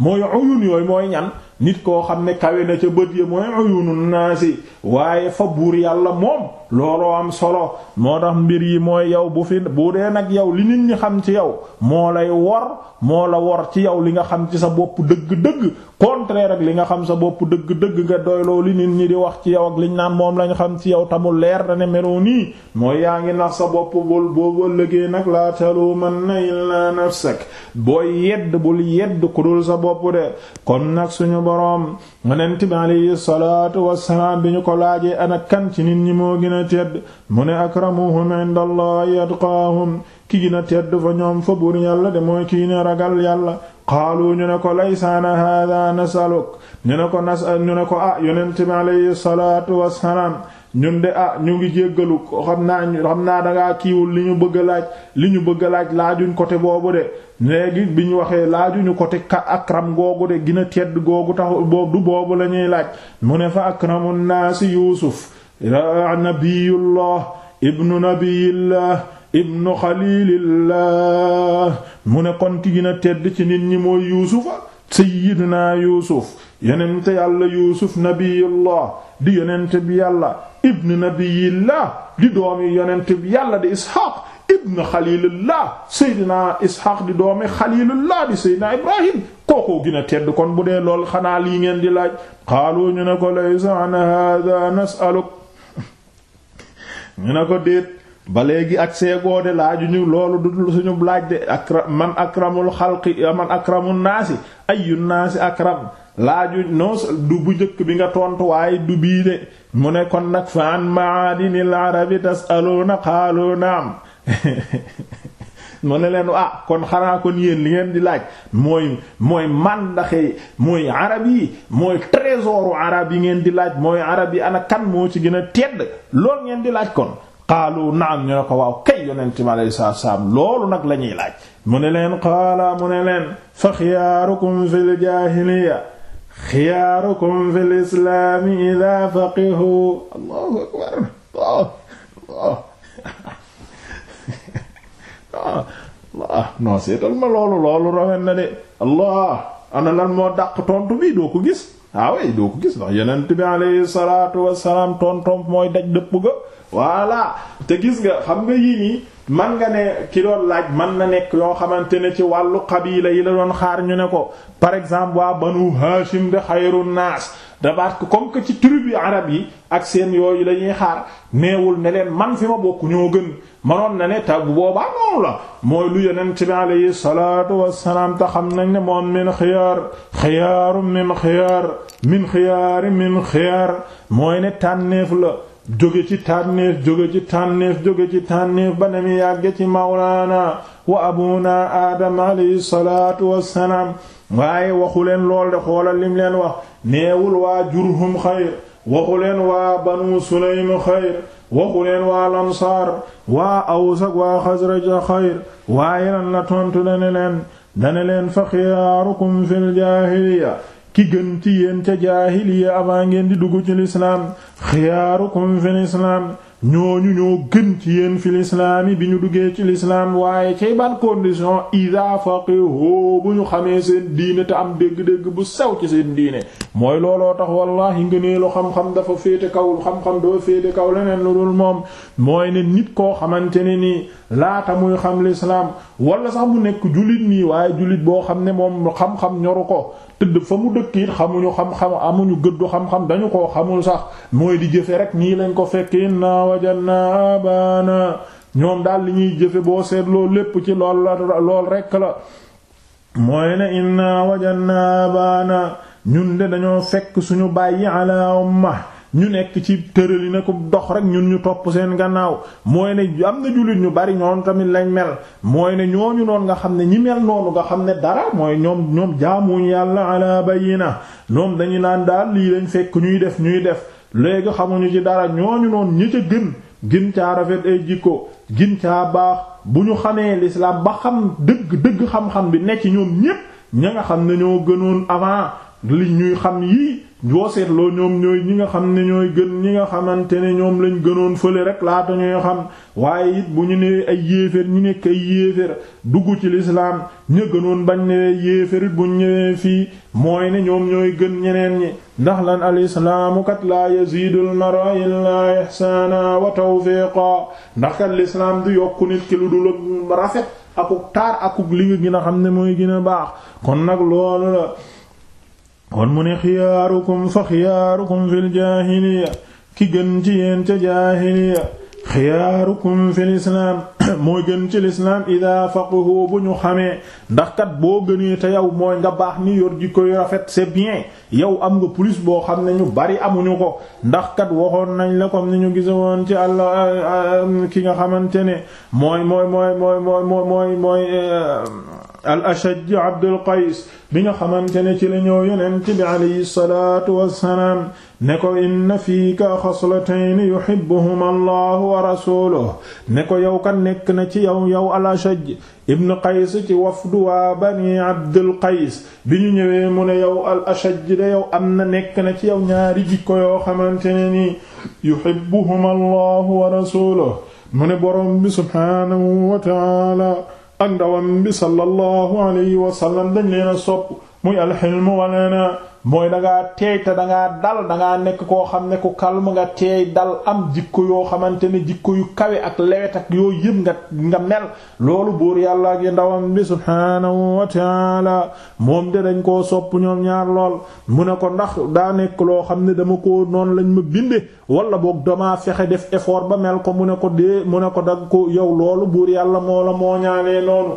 mooy uyun yooyu mooy ñan nit koo xam ne kawe na ca bët yi mooy uyunun naasi waaye fa buur yàlla moom looloo am solo moo tax mbir yi mooy yow bu fi bu dee nag yow li nit ñi xam ci yow moo lay wor moo la wor ci yow li nga xam ci sa bopp dëgg-dëgg contraire ak li nga xam sa bopp dëgg-dëgg nga doyloo li nit ñi di wax ci yow liñ naan moom lañu xam ci yow tamul leer na ne melo nii mooy yaa ngi nax sa bopp bul boo lëgee nag laa taluman na illaa nafsak booy yedd bul yedd ku dul sa bopp de kon nag suñu boroom yonent bi alayhi bi ñu ko laajee ana kan ci ñi moo gën a mu ne akramuhum indallahi atqaahum ki gën a tedd fa ñoom fa buur yàlla de mooy kii ne ragal yàlla qaalu ñu ne ko laysaana haada nasaluk ñu ne ko nas ñu ne ko ah yonent bi alayhi salaatu ñun de a ah, ñu ngi jéggalu xam naa xam naa dangaa kiiwul li ñu bëgg a laaj li ñu bëgg a laaj laajuñ côté boobu de léegi bi ñu waxee laajuñu côté ka akram googu de gina tedd googu tax boobu du boobu la ñuy laaj mu ne fa akramu naasi yuusuf nabiyullah ibnu nabiyillah ibnu xalilillah mu ne kon ki gina tedd ci nit ñi mooy yuusufa sayyidina yuusuf yeneen yonent yàlla yuusuf nabiyullah di yonent bi yàlla ibn nabiyillah di doomi yonent bi yàlla di isxaq ibn xalilullah seydina isxaq di doomi xalilullah di seydina ibrahim kookoo gën a tedd kon bu dee lool xanaa lii ngeen di laaj xaalu ñu ne ko laysa an hada nasaluk ñu ko déet ba léegi ak seegoode laaju ñu loolu du suñu laaj de akram man akramul xalqi man akramul naasi ayyun naasi akram laaju non du bu jëkk bi nga tontu waaye du bii de mu ne kon nag fa an maadinil arabi tasaluuna qaalu naam mu ne leen a ah kon xanaa kon yéen li ngeen di laaj mooy mooy màndaxe mooy arab yi mooy trésoru arab yi ngeen di laaj mooy arab yi ana kan moo ci gën a tedd lool ngeen di laaj kon qaalu naam ñu ne ko waaw kay yonent mi alayhi salaatu loolu nag la ñuy laaj mu ne leen qaala mu ne leen fa xiyaarukum fil jaahiliya xiyaarukum fil islaami idaa faqihu allahu akbar allah seetal ma loolu loolu rafet na de allah ana lan moo dàq tontu bi doo ko gis waawee ah doo ko gis ndax yonent bi alayhi salaatu wassalaam tontom mooy daj dëpp ga voilà te gis nga xam nga yii nii man nga ne ki doon laaj man na nekk yoo xamante ne ci wàllu xabiila yi la doon xaar ñu ne ko par exemple waa banu Hashim de xayru naas dabaat ko comme que ci tribu arab yi ak seen yooyu lañuy xaar neewul ne leen man fi ma bokk ñoo gën manoon na ne te bu boobaa noonu la mooy lu yonent bi alayhi salaatu wassalaam te xam nañ ne moom min xiyaar xiyaaru min xiyaar min xiyaari min mooy ne tànneef la jóge ci tànneef jóge ci tànneef jóge ci tànneef ba na mi yàgge ci mawlaana wa abuna aadam alayhi salaatu wassalaam waaye waxu leen lool de xoolal lim leen wax neewul waa jurhum xayr waxu leen waa banu sulaym xayr waxu leen waa lansaar waa aws ak waa xayr waaye lan la tontu dane leen dane leen fa xiyaarukum fil jaahiliya ki gën ci yéen ca jaahiliya avant ngeen di dugg ci lislaam xiyaarukum fi lislaam ñooñu ñoo gën ci yéen fi lislaam bi ñu duggee ci lislaam waaye cay ban condition iza faqihu bu ñu xamee seen diine te am dégg-dégg bu sew ci seen diine mooy looloo tax wallahi ngëneelu xam-xam dafa féete kawul xam-xam dafa féete kaw leneen lu dul moom mooy ne nit koo xamante ne nii laata muy xam lislaam wala sax mu nekk jullit nii waaye jullit boo xam ne moom xam ñoru ko tëdd fa mu dëkk it xamuñu xam-xam amuñu gëddu xam-xam dañu ko xamul sax mooy di jëfe rek nii lañ ko fekk inna wajanna abana ñoom daal li ñuy jëfe boo seetloo lépp ci lool la lool rekk la mooy na inna wajanna abana ñun de dañoo fekk suñu bàyyi ala umma ñu nekk ci tërali na ko dox rek ñun ñu topp seen gannaaw mooy ne am na jullit ñu bari ñoom tamit lañ mel mooy ne ñooñu noonu nga xam ne ñi mel noonu nga xam ne dara mooy ñoom ñoom jaamuñu yàlla ala bayina ñoom dañu naan daal lii lañ fekk ñuy def ñuy def léegi xamuñu ci dara ñooñu noonu ñi ca gën gin caa rafet ay jikko gin ca baax bu ñu xamee lislaam ba xam dëgg dëgg xam-xam bi ne ci ñoom ñépp ña nga xam ne ñoo gënoon avant li ñuy xam yii boo seetloo ñoom ñooy ñi nga xam ne ñooy gën ñi nga xamante ne ñoom lañ gënoon fële rek laata ñuy xam waaye it bu ñu ne ay yéeféer ñu nekk ay yéeféer dugg ci lislaam ña gënoon bañ ne yéeféer it bu ñu ñëwee fii mooy ne ñoom ñooy gën ñeneen ñi ndax lan al islaamu kat laa yaziidul mara illaa ihsaana wa tawfiqa ndax kat lislaam du yokku nit ki lu dul ak rafet akuk taar akuk li nga gën a xam ne mooy gin a baax kon nag loolu la kon mu ne xiyaarukum fa xiyaarukum fil jaahiliya ki gën ci yéen ca jaahiliya xiyaarukum fil islaam mooy gën ci lislaam idaa faqihu bu ñu xamee ndax kat boo gënee te yow mooy nga baax ni yor ji yu rafet c'est bien yow am nga plus boo xam ne ñu bari amuñu ko ndax kat waxoon nañ la comme ni ñu gisoon ci Allah euh, euh, ki nga xamante ne mooy mooy mooy mooy mooy mooy mooy euh, al ashaj abdul qays bi nga xamante ne ci la ñëw yonent bi alayhi salaatu wassalaam ne ko inna fiika xaslatayn yuhibbuhuma allah wa rasuluhu ne ko yow kan nekk na ci yow yow al ashaj ibn qays ci wafdu waa bani abdul qays bi ñu ñëwee mu ne yow al ashaj de yow am na nekk na ci yow ñaari jikko yoo xamante ne nii yuhibbuhuma allah wa rasuluhu mu ne boroom bi subhaanahu wa ak ndawam bi sallallahu alayhi wa sallam dañ leen a sopp muy alxilmu walana mooy da ngaa teey te da dal da nekk koo xam ne ku calme nga teey dal am jikko yoo xamante ne jikko yu kawe ak lewet ak yoo yëpp nga nga mel loolu buur yàlla ak yi ndawam bi subhaanahu wa taala moom de dañ koo sopp ñoom ñaar lool mu ne ko ndax daa nekk loo xam ne dama ko noonu lañ ma binde wala boog damaa fexe def effort ba mel ko mu ne ko dee mu ne ko dag ko yow loolu buur yàlla moo la moo ñaanee noonu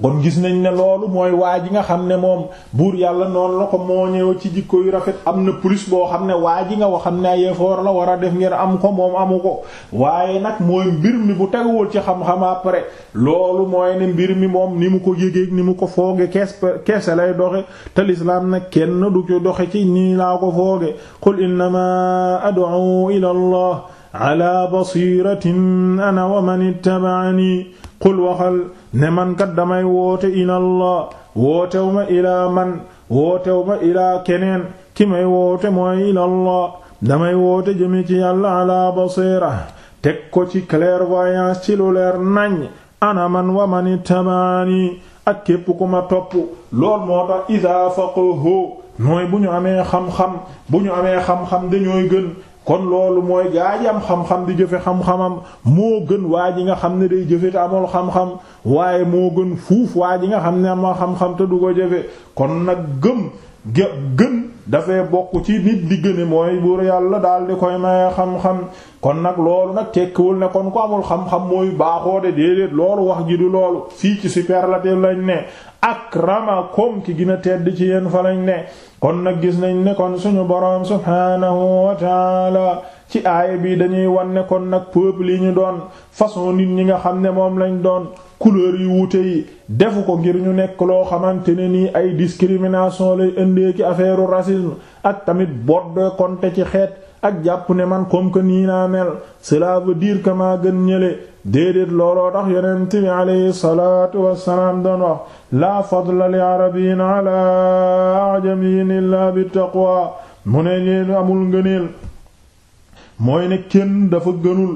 kon gis nañ ne loolu mooy waa ji nga xam ne moom buur yàlla noonu la ko moo ñëw ci jikko yu rafet am na plus boo xam ne waa ji nga wax xam ne ay effort la war a def ngir am ko moom amu ko waaye nag mooy mbir mi bu teguwul ci xam-xam après loolu mooy ne mbir mi moom ni mu ko yëgeeg ni mu ko fooge kees keese lay doxe te lislaam nag kenn du ci doxe ci nii laa ko fooge qul innama ad'u ila allah ala basiratin ana wa man ittaba'ani qul waxal ne man kat damay woote ilallah wootew ma ilaa man wootew ma ilaa keneen ki may woote mooy ilallah damay woote jëme ci yàlla ala basira teg ko ci clairvoyance ci lu leer nañ ana man wa mani tabaani ak képp ku ma topp lool moo tax idaa faqahu mooy bu ñu amee xam-xam bu ñu amee xam-xam dañooy gën kon loolu mooy gaa ji xam-xam di jëfe xam-xamam moo gën waa ji nga xam ne day jëfe te amul xam-xam waaye moo gën fuuf waa ji nga xam ne amoo xam-xam te du ko jëfe kon nag gëm gën dafay bokk ci nit di gëne mooy buur yàlla daal di koy maye xam-xam kon nag loolu nag tekkiwul ne kon ku amul xam-xam mooy baaxoo de déedéet loolu wax ji du loolu fii ci la superlatif lañ ne akramakum ki gën a tedd ci yéen fa lañ ne kon nag gis nañ ne kon suñu boroom subhaanahu wa taala ci aaya bi dañuy wan ne kon nag peuple yi ñu doon façon nit ñi nga xam ne moom lañ doon couleur yu wuute yi defu ko ngir ñu nekk loo xamante ne nii ay discrimination lay indee ci affaire racisme ak tamit borde konte ci xeet ak jàpp ne man comme que nii naa mel cela veut dire que maa gën ñële déedéet looloo tax yonent bi alayhi salaatu wassalaam doon wax laa fadla li arabiyin ala ajamiyin bi taqwa mu ne leen amul ngëneel mooy ne kenn dafa gënul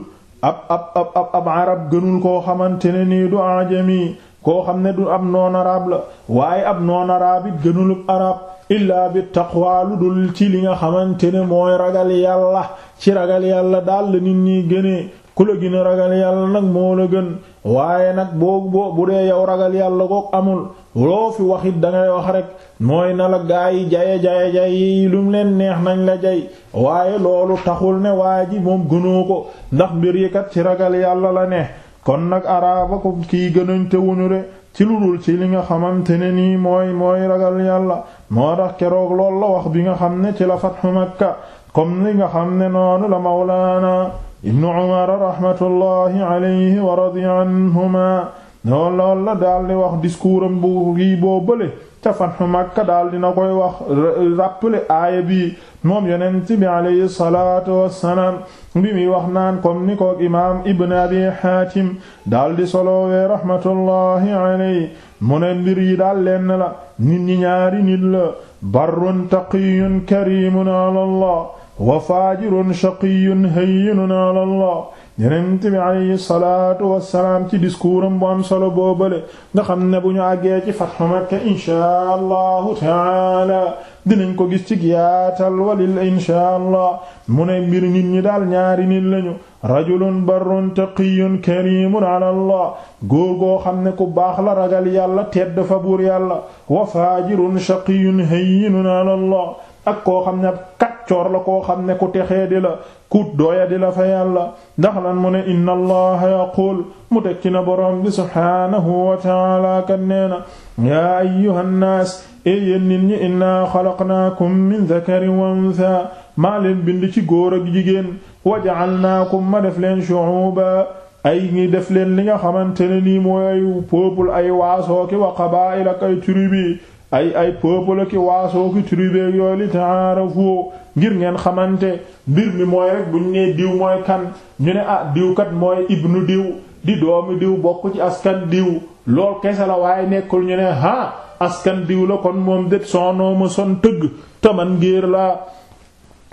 ab ab ab ab ab arab gënul koo xamante ne nii du ajami koo xam ne du ab noon arab la waaye ab noon arab it gënulub arab illaa bi taqwa lu dul ci li nga xamante ne mooy ragal yàlla ci ragal yàlla daal la nit ñi gënee ku la gën a ragal yàlla nag moo la gën waaye nag boo boo bu dee yow ragal yàlla goog amul loo fi waxit dangay wax rek mooy na la gaa yi jaye jaye jaye lum leen neex nañ la jay waaye loolu taxul ne waa ji moom gënoo ko ndax mbir yi kat ci ragal yàlla la ne kon nag araaba ko kii gënañte wuñu re ci lu dul ci li nga xamante ne nii mooy mooy ragal yàlla moo tax keroog lool la wax bi nga xam ne ci la fathu Makka comme li nga xam ne noonu la mawlaana ibnu umar rahmatullahi alayhi wa radiya anhuma noonu la daal di wax discours am bu gii boo bële ca fatxu makka daal dina koy wax rappeler aaya bi moom yonent bi alayhi salaatu wassalaam bi muy wax naan comme ni ko imaam ibn abi haatim daal di solowee rahmatullahi mu ne mbir yi daal lenn la nit ñaari nit la barrun taqiyun ala allah wa faajirun shaqiyun hayyinun ala Allah yenent bi alayhi salaatu wassalaam ci discours am bu am solo boobale nga xam ne bu ñu àggee ci fathu Makka inchaa allahu taala dinañ ko gis ci yaatal walil inchaa allah mu ne mbir nit ñi daal ñaari nit lañu rajulun barrun taqiyun karimun ala allah góor goo xam ne ku baax la ragal yàlla tedd fa buur yàlla wa faajirun shaqiyun hayyinun ala allah ak koo xam ne kaccoor la koo xam ne ku texee di la ku doya di fa yàlla ndax lan mu ne inna allaha yaqul mu teg ci na boroom bi subhaanahu wa taala kan nee na yaa ayyuha nnaas ñi inna xalaqnaakum min dakarin wa untha maa leen bind ci góor ak jigéen wa ja'alnaakum ma def leen shu'uba ay ngi def leen li nga xamante ne nii ay peuple ay waasoo wa qabaa'il ay tribu ay ay peuple ki waasoo ki tribeek yooyu li ta'arafu ngir ngeen xamante mbir mi mooy rek buñ nee diw mooy kan ñu ne a ah, diw kat mooy ibnu diw di doomi diw bokk ci askan diw lool kese la waaye nekkul ñu ne ha askan diw la kon moom dét sonnooma son tëgg taman ngéer la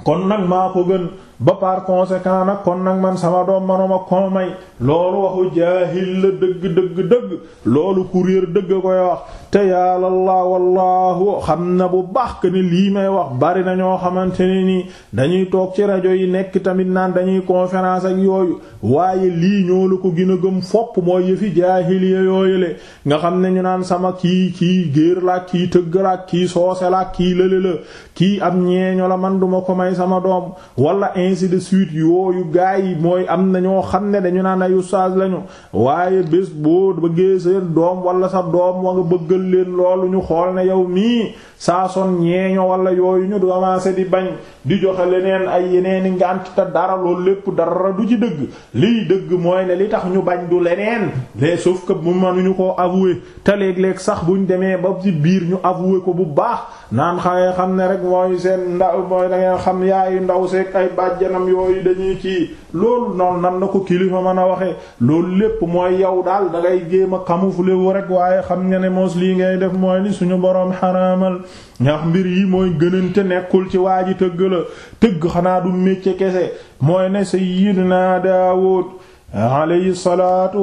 kon nag maa ko gën ba par conséquent nag kon nag man sama doom manuma koo may loolu waxu jaahil la dëgg dëgg dëgg loolu ku réer dëgg koy wax te yàlla laa wallaahu xam na bu baax que ni lii may wax bari na ñoo xamante ne nii dañuy toog ci rajo yi nekk tamit naan dañuy conférence ak yooyu waaye lii ñoo la ko gën a gëm fopp mooy yëfi jaahiliya yooyu le nga xam ne ñu naan sama kii kii géer la kii tëgg la kii soose la kii lële la kii am ñeeño la man duma ko may sama doom ainsi de suite yooyu gaa yi mooy am na ñoo xam ne dañu naan ay ustaas lañu waaye bés boo bëggee seen doom wala sa doom wa nga bëggal leen loolu ñu xool ne yow mii saa son ñeeño wala yooyu ñu commencé di bañ di joxe leneen ay yeneeni ngànt te dara loolu lépp dara du ci dëgg liy dëgg mooy ne li tax ñu bañ du leneen mais sauf que mu mënuñu koo avouer te léeg-léeg sax buñ demee ba ci biir ñu avouer ko bu baax naan xawee xam ne rek mooy seen ndaw mooy da ngeen xam yaayu ndaw seek ay bàjjanam yooyu dañuy kii loolu noon nan na ko kilifa mën a waxee loolu lépp mooy yow daal da ngay géem a camoufler wu rek waaye xam nga ne mos lii ngay def mooy suñu boroom ñax mbir yi mooy gënante nekkul ci waa ji tëgg la tëgg xanaa du métier kese mooy ne sayyidina Daawud alayhi salaatu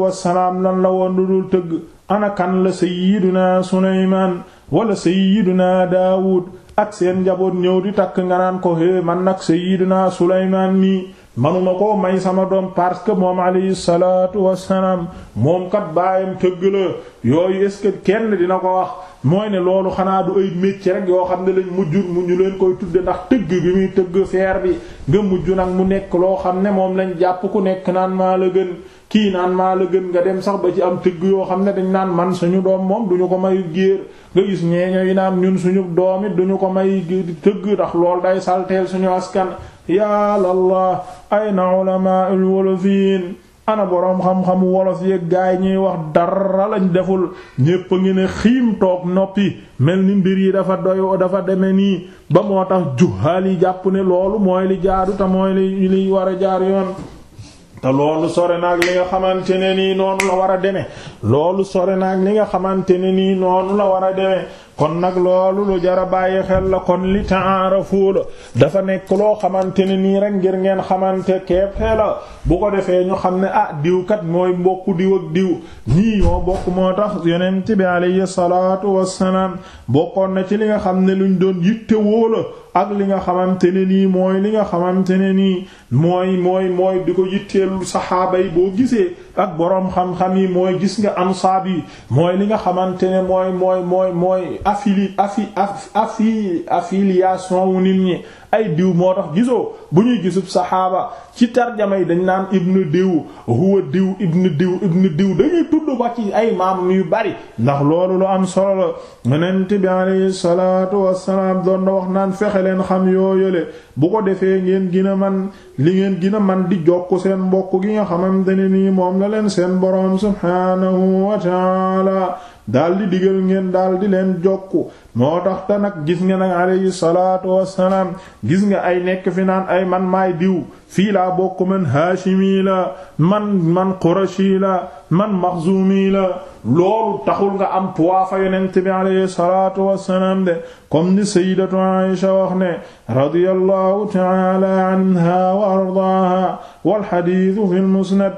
lan la woon lu dul tëgg ana kan la sayyidina Sulaymaan wala sayyidina Daawud ak seen njaboot ñëw di takk nganaan naan ko hé man nag sayyidina Sulaymaan nii manuma koo may sama doom parce que moom alayhi salaatu wassalaam moom kat baayam tëgg la yooyu est kenn dina ko wax mooy ne loolu xanaa du ay métier rek yoo xam ne lañ mujj mu ñu leen koy tudde ndax tëgg bi muy tëgg feer bi nga mujj nag mu nekk loo xam ne moom lañ jàpp ku nekk naan maa la gën kii naan maa la gën nga dem sax ba ci am tëgg yoo xam ne dañ naan man suñu doom moom duñu ko may géer nga gis ñeeño yi naan ñun suñu doom it duñu ko may tëgg ndax lool day salteel suñu askan ya Allah na ulama al wolofiin ana boroom xam-xamu wolof yeeg yi ñuy wax dara lañ deful ñépp a ngi ne xiim toog noppi mel ni mbir yi dafa doy dafa deme nii ba moo tax juhaal yi jàpp ne loolu mooy li jaaru te mooy li li war a jaar yoon te loolu sore naag li nga xamante ne nii noonu la war a deme loolu sore naag li nga xamante ne nii noonu la war a demee kon nag loolu lu jara bàyyi xel la kon li ta'aarafu la dafa nekk loo xamante ne nii rek ngir ngeen xamante keppee la bu ko defee ñu xam ne ah diw kat mooy mbokku diw ak diw ñii ñoo bokk moo tax yonent bi alayhi salaatu wassalaam bokkoon na ci li nga xam ne lu luñ doon yittewoo la ak li nga xamante ne nii mooy li nga xamante ne nii mooy mooy mooy di ko yitteelu saxaaba yi boo gisee ak boroom xam-xam yi mooy gis nga ansaab yi mooy li nga xamante ne mooy mooy mooy mooy affili affi affiliation wu nit ñi ay diw moo tax gisoo bu ñuy gisub saxaaba ci tarjama yi dañ naan ibnu diw huwa diw ibnu diw ibnu diw dañuy tudd ba ci ay maam yu bari ndax loolu lu am solo la menent bi alayhi salaatu wassalaam doon na wax naan fexe leen xam yooyole bu ko defee ngeen gina man li ngeen gina man di jokk seen mbokk gi nga xamante ne nii moom la leen seen boroom subhaanahu wa daldi digal ngeen daldi leen jokku moo tax gis nga nag alayhi salaatu nga ay nekk fi naan ay man maay diw fii laa bokk man haashimi la man man la man maxzumi la loolu taxul nga am tuwaafa yonent bi alayhi salaatu wassalaam de comme ni sayyidatu Aisha wax ne radiyallahu ta'ala anha wa ardaaha wal hadiisu fil musnad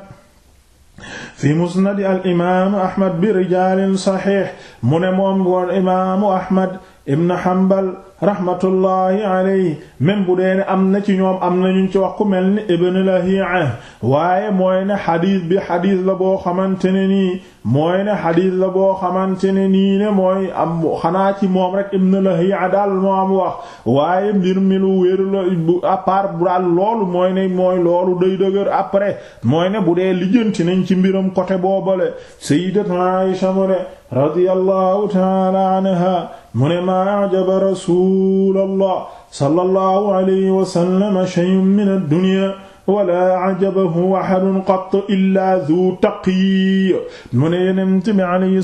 fi musnadi al imaamu ahmad bi rijaalin saxiix mu ne moom woon imaamu ahmad ibn hanbal rahmatullahi alayhi même bu dee ne am na ci ñoom am na ñu ci wax ku mel ni Ibn Lahi'a waaye mooy ne xadiis bi xadiis la boo xamante ne nii mooy ne xadiis la boo xamante ne nii ne mooy am xanaa ci moom rek Ibn Lahi'a daal moo am wax waaye mbir mi lu wér la bu daal loolu mooy ne mooy loolu day dëgër après mooy ne bu dee lijjanti nañ ci mbiram côté boobale Sayyidatuna Aisha mu ne radiyallahu ta'ala anha mu ne maa ajaba rasuulallah sallallahu alayhi wa sallam shay'un min ad-dunya wala qatt illaa du taqi mu ne yenent bi alayhi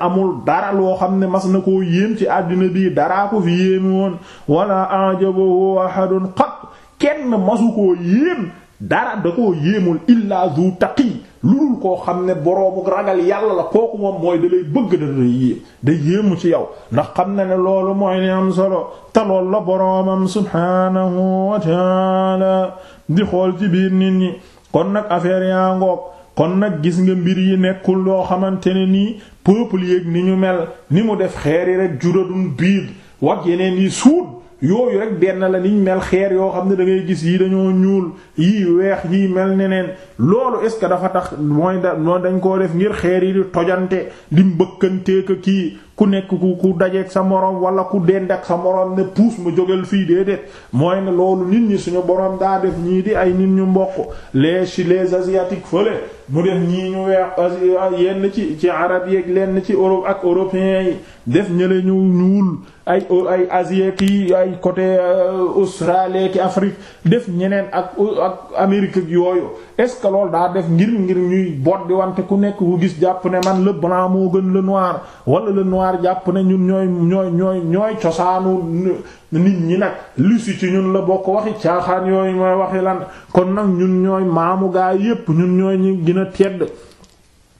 amul dara loo xam ne mas na ko yéem ci àddina bi daraa ko fi yéemi woon wala ajabahu ahadun qatt kenn masu koo yéem dara da koo yéemul illaa du taqi lulul koo xam ne boroomu ragal yàlla la kooku moom mooy da lay bëgg da lay yéem da yéemu ci yow ndax xam na ne loolu mooy li am solo te loolu la boroomam subhaanahu wa taala di xool ci biir nit ñi kon nag affaire yaa ngoog kon nag gis nga mbir yi nekkul loo xamante ni nii peuple yéeg ni ñu mel ni mu def xeeri rek judadun biid wax yeneen yi suud yooyu rek benn la niñ mel xeer yoo xam ne dangay gis yi dañoo ñuul yi weex yii mel neneen loolu est ce que dafa tax mooy da dañ koo def ngir xeer yi di tojante di mbëkkanteeka kii ku nekk ku ku dajeeg sa morom wala ku dend ak sa moroom ne puus ma jógal fii déedéet mooy ne loolu nit ñi suñu borom daa def ñii di ay nit ñu mbokk les les asiatique fële mu def ñii ñu weex yenn ci ci arab yeeg lenn ci Europe ak européens yi def ñële ñu ñuul ay ay asie ki ay côté euh, Australie ki Afrique def ñeneen ak ak Amérique yooyu est-ce daa def ngir ngir ñuy boot di wante ku nekk ku gis jàpp ne man le blanc moo gën le noir wala la noir jàpp ne ñun ñooy ñooy ñooy ñooy cosaanu nit ñi nag lu si ci ñun la bokk waxi caaxaan yooyu mooy waxi lan kon nag ñun ñooy maamu gaa yépp ñun ñooy ñi gën a tedd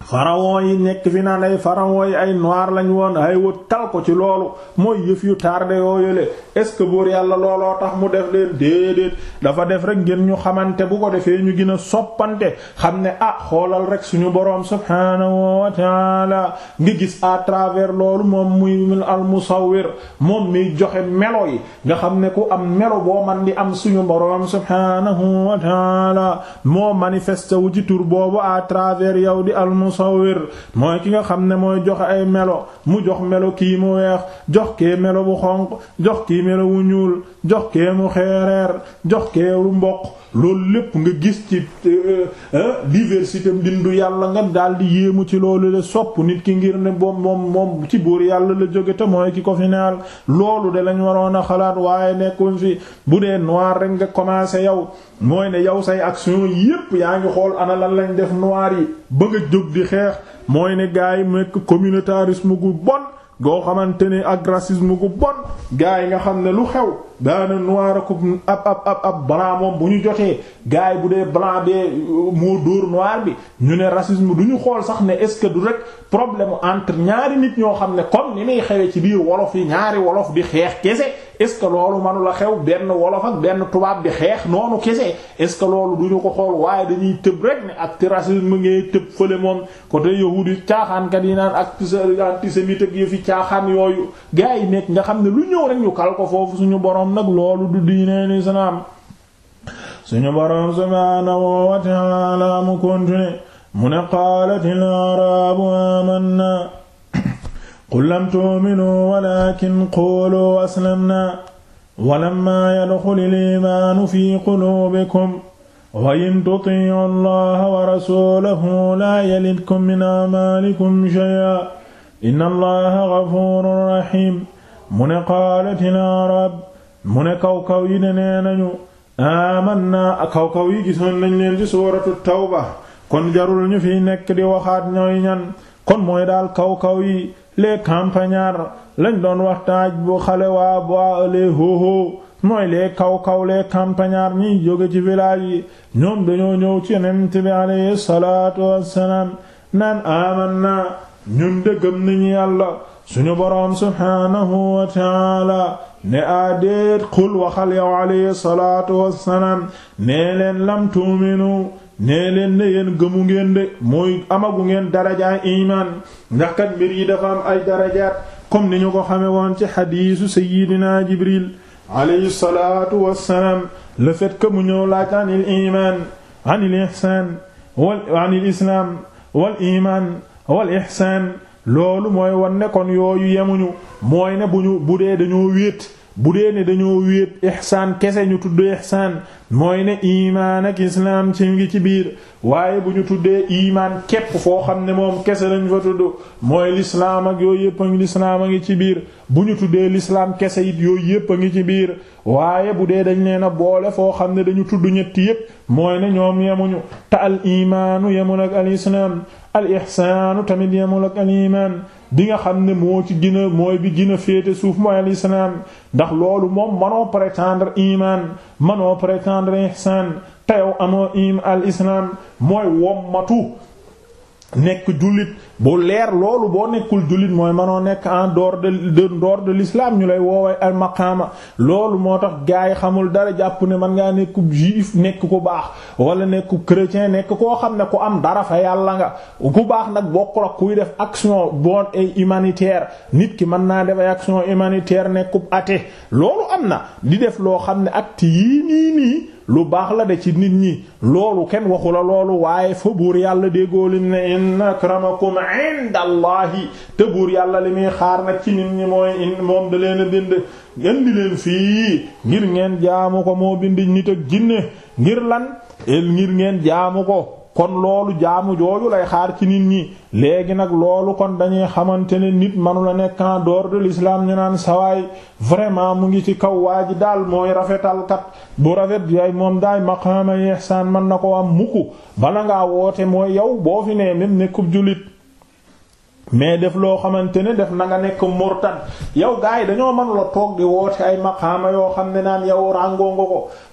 pharaon yi nekk fi naan ay pharaon yi ay noir lañ woon ay wët tal ko ci loolu mooy yëf yu tardé yooyule est-ce que yàlla looloo tax mu def leen déedéet dafa def rek ngeen ñu xamante bu ko defee ñu gën a soppante xam ne ah xoolal rek suñu boroom subhaanahu wa taala nga gis à travers loolu moom muy al musawwir moom miy joxe melo yi nga xam ne ku am melo boo man di am suñu boroom subhaanahu wa taala moo manifesté wu ci tur boobu à travers di al soo musawwir mooy ki nga xam ne mooy joxe ay melo mu jox melo kii mu weex jox kii melo bu xonq jox kii melo wu ñuul jox kee mu xeereer jox keeru mboq loolu lépp nga gis ci euh, euh, diversité am dindu yàlla nga daal di yéemu ci loolu le sopp nit ki ngir ne boom moom moom ci buur yàlla la jóge te mooy ki ko fi neel loolu de lañ waroon a xalaat waaye nekkuñ fi bu dee noir rek nga commencé yow mooy ne yow say action yépp yaa ngi xool ana lan lañ def noir yi ba nga jóg di xeex mooy ne gaay mekk communautarisme gu bon goo xamante ne ak racisme gu bon gaay nga xam ne lu xew daana noir ak ab ab ab blanc moom bu ñu jotee gars yi bu dee blanc bee euh, moo dóor noir bi ñu ne racisme du ñu xool sax ne est-ce que du rek problème entre ñaari nit ñoo xam ne comme ni muy xewee ci biir wolof yi ñaari wolof bi xeex kese est-ce que loolu xew benn wolof ak benn tubaab bi xeex noonu kese est-ce loolu du ñu ko xool waaye dañuy tëb rek ne ak racisme ngay tëb fële moom côté yahudi caaxaankat yi naan ak antisémite ak yëfi caaxaan yooyu gars yi nekk nga xam ne lu ñëw rek ñu suñu borom moom nag loolu du diineen islaam suñu boroom subhaanahu wa ta'aala mu continue mu ne qaalatil araabu aamanna qul lam tu'minu walaakin quulu aslamna walammaa yadxulil iimaanu fii quluubikum wa in tutii'u allaha wa rasuulahu laa yalidkum min a'maalikum shay'an inna allaha gafuurun rahiim mu ne qaalatil araabu mu ne kaw-kaw yi ne nee nañu amanna kaw-kaw yi gisoon nañ leen ci suuratu ba kon jarul ñu fiy nekk di waxaat ñooy ñan kon mooy daal kaw-kaw yi les campagnards lañ doon waxtaaj bu xale waa boi les hoho mooy les kaw-kaw les campagnards jóge ci village yi ñoom dañoo ñëw ci yonent bi alayhi salaatu wassalaam naan amanna ñun de gëm nañu yàlla suñu boroom subhaanahu wa ne aadéet xul waxal yow alayhi salaatu wassalaam nee leen lam tuuminu nee leen ne gëmu ngeen de mooy amagu ngeen darajaay imaan ndax kat mbir yi dafa am ay darajaat comme ni ñu ko xame woon ci xadiisu sayyidina jibril alayhi salaatu wassalaam le fait que mu ñëw laaj anil iman anil ihsaan wal anil islaam wal iman wal ihsaan loolu mooy wan ne yooyu yemuñu mooy ne bu ñu bu dee dañoo wéet bu dee ne dañoo wéet ihsaan kese ñu tuddee ihsaan mooy ne imaan ak islaam ci ngi ci biir waaye bu ñu tuddee imaan képp foo xam ne moom kese lañu fa tudd mooy lislaam ak yooyu yëpp a ngi lislaam a ngi ci biir bu ñu tuddee lislaam kese it yooyu yëpp a ngi ci biir waaye bu dee dañ leen a boole foo xam ne dañu tudd ñetti yëpp mooy ne ñoom yemuñu te al imaanu yemun ak al islaam al tamit yemul ak al iman bi nga xam ne moo ci gën mooy bi gën féete suuf mooy al ndax loolu moom manoo prétendre iman manoo prétendre ihsaan te yow im al mooy wommatu nekk jullit bu leer loolu boo nekkul jullit mooy mënoo nekk en dehors de door dehors de l'islam ñu lay woowee al maqama loolu moo tax gaa xamul dara jàpp ne man ngaa nekk juif nekk ku baax wala nekk chrétien nekk koo xam ne ku am dara fa yàlla nga ku baax nag bokkul ak kuy def action bon et nit ki mën naa def ay action humanitaire nekkub athée loolu am na di def loo xam ne acte yii nii nii lu baax la de ci nit ñi loolu kenn waxu la loolu waaye fa buur inda allahi te buur yàlla li muy xaar na ci nit ñi mooy in moom da leen a bind indi leen fii ngir ngeen jaamu ko moo bind nit ak jinne ngir lan ngir ngeen jaamu ko kon loolu jaamu jooju lay xaar ci nit ñi léegi nag loolu kon dañuy xamante ne nit manu la nekk en dehors de l'islam ñu naan sawaay vraiment mu ngi ci kaw waa ji daal mooy rafetal rafetalkat bu rafet yaay moom daay maqaama ihsaan man na ko am mukk bala ngaa woote mooy yow boo fi nee même nekkub jullit mais def loo xamante ne def na nga nekk murtad yow gars dañoo mën la toog di woote ay maqaama yoo xam ne naan yow ràngoo nga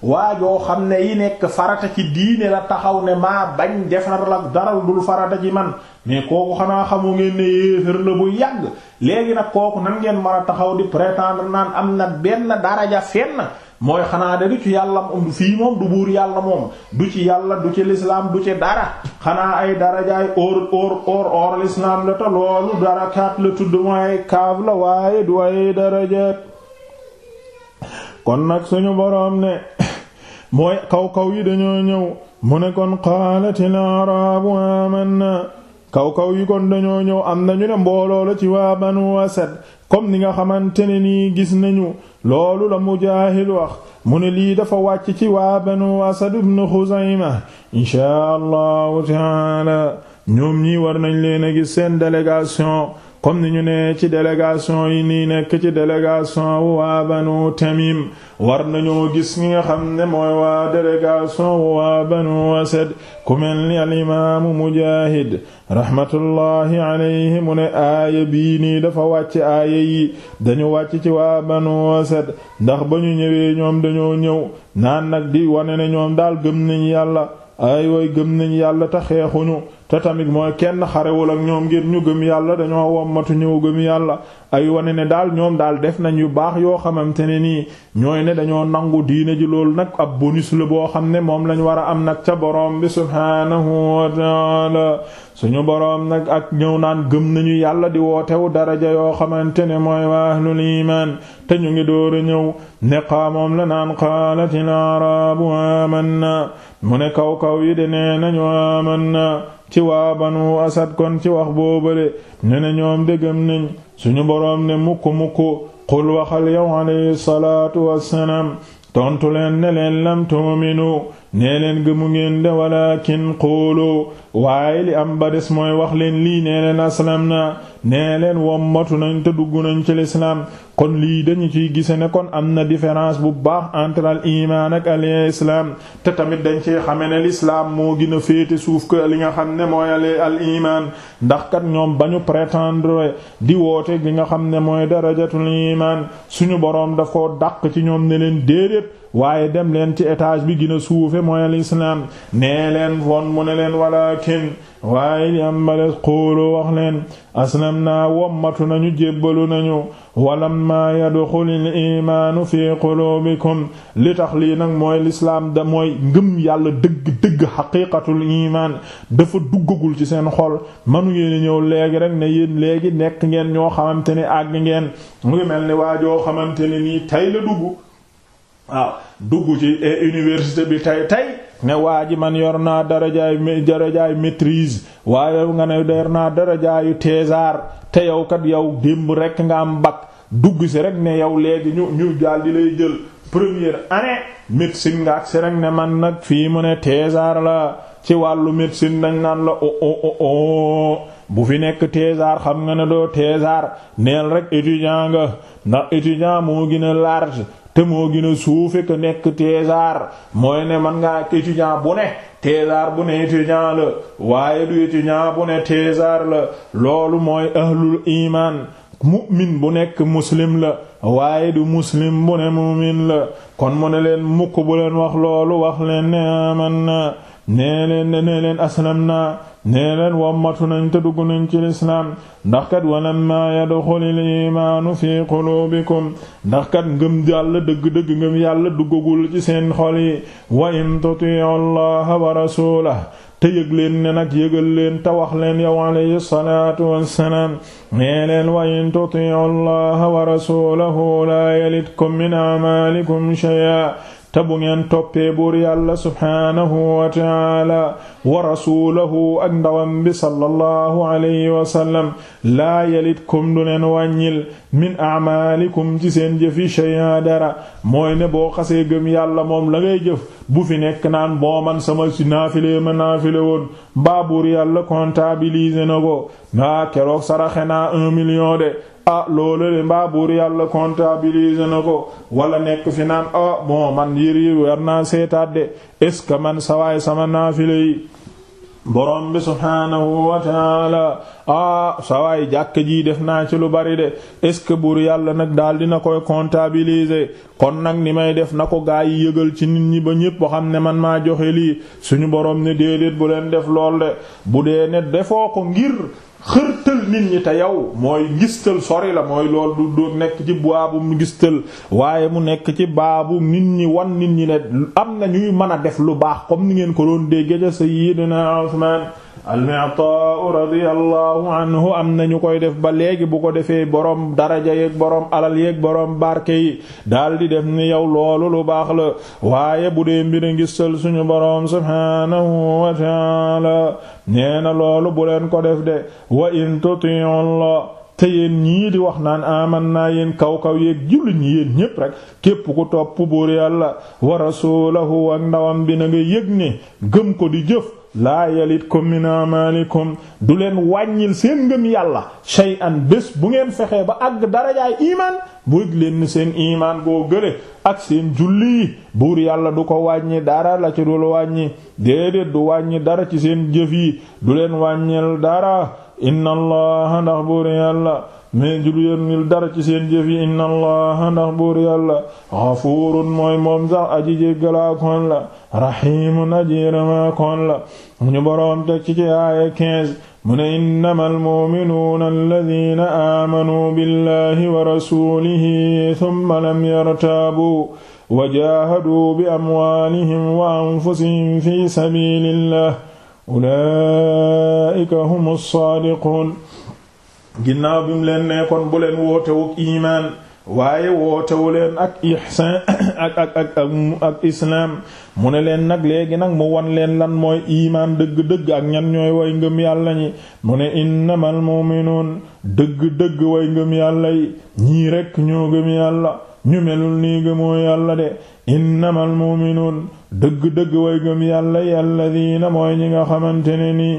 waa joo xam ne yi nekk farata ci diine la taxaw ne maa bañ defar la dara dul farata ci man mais kooku xanaa xamu ngeen ne yéefér la bu yàgg léegi nag kooku nan ngeen mën a taxaw di prétendre naan am na benn daraja fenn mooy xanaa de du ci yàlla fii moom du buur yàlla moom du ci yàlla du ci lislaam du ci dara xanaa ay darajaay or or or or lislaam la te loolu darakaat la tudd mooy kaaf la waaye du ay darajaat kon nag suñu boroom ne mooy kaw kaw yi dañoo ñëw mu ne kon qaalatil arabu amanna kaw kaw yi kon dañoo ñëw am nañu ne mbooloo ci waa banu asad comme ni nga xamante ne nii gis nañu loolu la mu Mujaahid wax mu ne lii dafa wàcc ci waa Banu Asad ibn Xuzayma inshaa Allahu taala ñoom ñii war nañ leen a gis seen délégation comme ni ñu ne ci délégation yi nii nekk ci délégation wu waa banu tamim war nañoo gis ñi nga xam ne mooy waa délégation wu waa banu wasad ku mel ni al imaamu mujahid rahmatullahi alayhi ne aaya bii nii dafa wàcc aaya yi dañu wàcc ci waa banu wasad ndax ba ñu ñëwee ñoom dañoo ñëw naan nag di wane ne ñoom daal gëm nañ yàlla ay way gëm nañ yàlla ta xeexuñu te tamit mooy kenn xarewul ak ñoom ngir ñu gëm yàlla dañoo wommatu ñëw gëm yàlla ay wane ne daal ñoom daal def nañ yu baax yoo xamante ne nii ñooy ne dañoo nangu diine ji loolu nag ab bonus la boo xam ne moom lañ war a am nag ca boroom bi subhaanahu wa taala suñu boroom nag ak ñëw naan gëm nañu yàlla di wootewu daraja yoo xamante ne mooy wa ahlul iman te ñu ngi dóora ñëw ne qaa moom la naan qaalatil arabu aman na mu ne kaw-kaw yi de nee nañu aman ci waa banu asad kon ci wax boobale ñu ne ñoom dëggam nañ suñu boroom ne mukk mukk qul waxal yow alayhi salaatu wassalaam tontu leen ne leen lam tu'minu nee leen gëmu ngeen de walakin qulu waaye li am ba des mooy wax leen lii nee leen aslam na nee leen wommatu nañ te dugg nañ ci lislaam kon lii dañu ci gise ne kon am na différence bu baax entre al iman te tamit dañ cee xame ne l'islam moo gën a féete suuf que li nga xam ne mooy al iman ndax kat ñoom ba ñu prétendre di woote li nga xam ne mooy darajatul iman suñu boroom daf ko dàq ci ñoom ne leen déedéet waaye dem leen ci étage bi gina a suufe mooy al islam nee leen woon mu ne leen walakin waaye li am males xóolu wax leen aslam naa wommatu nañu jébbalu nañu walammaa yadxulil imaanu fi quluubikum li tax lii nag mooy lislaam da mooy ngëm yàlla dëgg dëgg xaqiiqatul imaan dafa duggagul ci seen xol manu ngeen ñëw léegi rek ne yéen léegi nekk ngeen ñoo xamante ni àgg ngeen mu ngi mel ni waajoo xamante ni nii tey la dugg waaw dugg ci eh, université bi tey tey ne waa ji man yor naa darajaay darajaay maîtrise waaye yow nga ne yor naa darajaayu thésar te yow kat yow démb rekk nga am bac dugg si rek ne yow léegi ñu ñu daal di lay jël première année médecine nga ak si rek ne man nag fii mu ne thésar la ci wàllu médecine dañ naan la bu fi nekk thésar xam nga ne doo thésar neel rek étudiant nga ndax étudiant moo gën a large te moo gën a suufe nekk thésar mooy ne man ngaa étudiant bu ne thésar bu ne étudiant la waaye du étudiant bu ne thésar la loolu mooy ahlul iman mu'min bu nekk muslim la waaye du muslim bu ne mu'min la kon mu ne leen mukk bu leen wax loolu wax leen ne aman na nee leen ne leen aslam na nee leen wommatu nañ te dugg nañ ci lislaam ndax kat walammaa yadxulil imaanu fi quluubikum ndax kat ngëm yàlla dëgg-dëgg ngëm yàlla duggagul ci seen xol yi wa in tuti'u allaha wa rasulahu te yëg leen ne nag yëgal leen te wax leen yow alayhi salaatu wassalaam nee leen wa in tuti'u allaha wa rasulahu laa yalitkum min a'maalikum shay'a te bu ngeen toppee buur yàlla subhaanahu wa ta'aala wa rasuulahu ak ndawam bi sallallahu alayhi wa sallam laa yalitkum du leen wàññil min a'maalikum ci seen jëf yi shay'a dara mooy ne boo xasee gëm yàlla moom la jëf bu fi nekk naan boo man sama si naafile ma naafile woon baabuur yàlla comptabiliser ko waa keroog saraxe naa un million de ah loolu le mbaa buur ko wala nekk fi naan ah bon man yër seetaat de est ce que man sawaay sama naafile borom bi subhaanahu wa taala ah sawaay jàkk ji def naa ci lu bari de est-ce que buur yàlla nag daal dina koy comptabiliser kon nag ni may def na ko gaa yi yëgal ci nit ñi ba ñépp xam ne man maa joxe lii suñu borom ne déedéet bu leen def lool de bu dee ne defoo ko ngir xërtal nit ñi te yow mooy ngistal sori la mooy loolu du nekk ci baabu ngistal waaye mu nekk ci baabu nit ñi wan nit ñi ne am na ñuy mën a def lu baax comme ni ngeen ko doon dégg ca Sayyidina Usmaan al-Mi'taa radiyallahu anhu am na ñu koy def ba léegi bu ko defee borom daraja yeeg borom alal yeeg borom barke yi daal di def ni yow loolu lu baax la waaye bu dee mbir ngistal suñu borom subhaanahu wa ta'aala nee na loolu bu leen ko def de wa in tuti'u la te yéen ñii di wax naan aman naa yéen kaw-kaw yéeg julli ñi yéen ñépp rek képp ku topp buur yàlla wa rasulahu ak ndawam bi na nga yëg ne gëm ko di jëf laa yalitkum min amalikum du leen wàññil seen ngëm yàlla shay'an bés bu ngeen fexee ba àgg darajaay iman bëgg leen seen imaan goo gële ak seen julli buur yàlla du ko wàññi dara la ci dul wàññi déedéet du wàññi dara ci seen jëf yi du leen wàññil dara inna allaha ndax buur yàlla mais du dara ci seen jëf yi inna allaha ndax buur yàlla ghafuurun mooy moom sax aji jéggalaa kon la rahimun aji yërëmaa ñu boroom teg ci ci aaya mu ne innama almuminuuna alladina aamanuu billahi wa rasulihi tumma lam yartaabuu wa jaahaduu bi amwaalihim wa anfusihim fi sabilillah ulaika hum alsaadiqun ginnaaw bi mu leen nekkoon bu leen wootewuk iimaan waaye wootewuleen ak ihsaan ak ak ak ak islaam mu ne leen nag léegi nag mu wan leen lan mooy imaan dëgg-dëgg ak ñan ñooy way ngëm yàlla ñi mu ne innamal mu'minuun dëgg-dëgg way ngëm yàlla yi ñii rekk ñoo gëm yàlla ñu melul nii gëmoo yàlla de innamal mu'minuun dëgg-dëgg way ngëm yàlla yi alladhiina mooy ñi nga xamante nii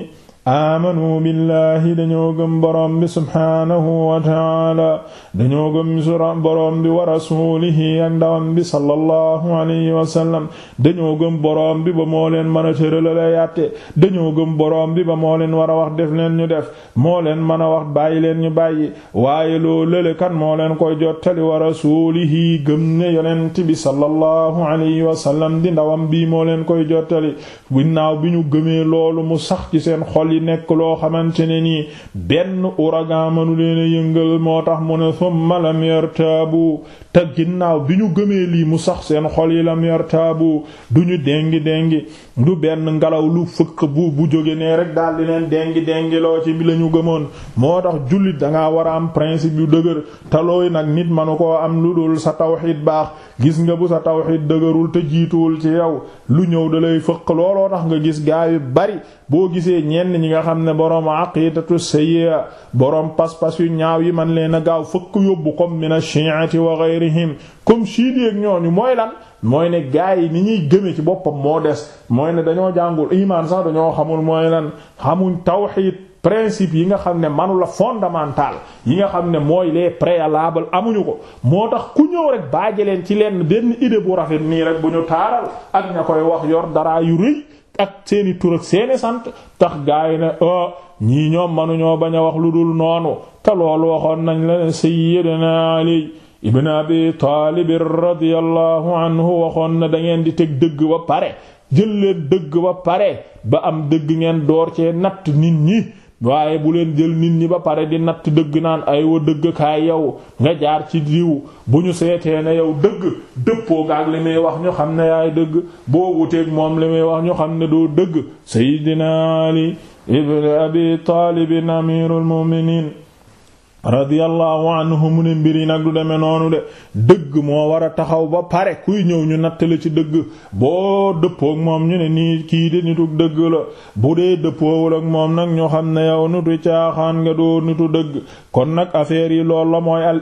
aamanu billahi dañoo gëm boroom bi subhaanahu wa taala dañoo gëm sura boroom bi wa rasuulihi ak ndawam bi sallallahu alayhi wa sallam dañoo gëm boroom bi ba moo leen mën a tërala la yatte dañoo gëm boroom bi ba moo leen war a wax def leen ñu def moo leen mën a wax bàyyi leen ñu bàyyi waaye loo lële kan moo leen koy jottali wa rasuulihi gëm ne yonent bi sallallahu alayhi wa sallam di ndawam bii moo leen koy jottali ginnaaw bi ñu gëmee loolu mu sax ci seen xol di nekk loo xamante ne nii benn uragan mënu leen a yëngal moo tax mu ne summa lam yartaabu te ginnaaw bi ñu gëmee lii mu sax seen xol yi lam yartaabu duñu dengi dengi du benn ngelaw lu fëkk bu bu jóge nee rek daal di leen dengi dengiloo ci bi la ñu gëmoon moo tax jullit danga war a am principe yu dëgër te looy nag nit manu koo am lu dul sa tawxid baax gis nga bu sa tawxid dëgërul te jiituwul ci yow lu ñëw da lay fëkk looloo tax nga gis gaa yu bari boo gisee ñenn ñi nga xam ne boroom aqidatu sayyi'a boroom pas-pas yu ñaaw yi man leen a gaaw fëkk yóbbu comme mina shi'ati wa ghayrihim comme chiideeg ñooñu mooy mooy ne gaa yi ni ñuy gëme ci boppam moo des mooy ne dañoo jàngul imaan sax dañoo xamul mooy lan xamuñ tawxiid principe yi nga xam ne manu la fondamental yi nga xam ne mooy les préalables amuñu ko moo tax ku ñëw rek baaje leen ci leen benn idée bu rafet nii rek bu ñu taaral ak ña koy wax yor dara yu rëy ak seeni tur seeni sant tax gaa yi ne oh ñii ñoom manuñoo bañ a wax lu dul noonu te loolu waxoon nañ la ne Sayyidina Ali ibn abi taalib radiyallahu anhu waxoon na da ngeen di teg dëgg ba pare jël leen dëgg ba pare ba am dëgg ngeen door cee natt nit ñi waaye bu leen jël nit ñi ba pare di natt dëgg naan ay wa dëgg kaay yow nga jaar ci diw bu ñu seetee ne yow dëgg dëppoo gaag li muy wax ñu xam ne yaay dëgg boo wuteeg moom li wax ñu xam ne doo dëgg seydina ali ibn abi taalib amirul mu'minin radiyallahu anhu mu ne mbir yi nag du demee noonu de dëgg moo war a taxaw ba pare kuy ñëw ñu nattale ci dëgg boo dëppook moom ñu ne nii kii de nitu dëgg bu dee dëppoowul moom nag ñoo xam ne yow nitu caaxaan nga doo nitu dëgg kon nag affaire yi loolu la mooy al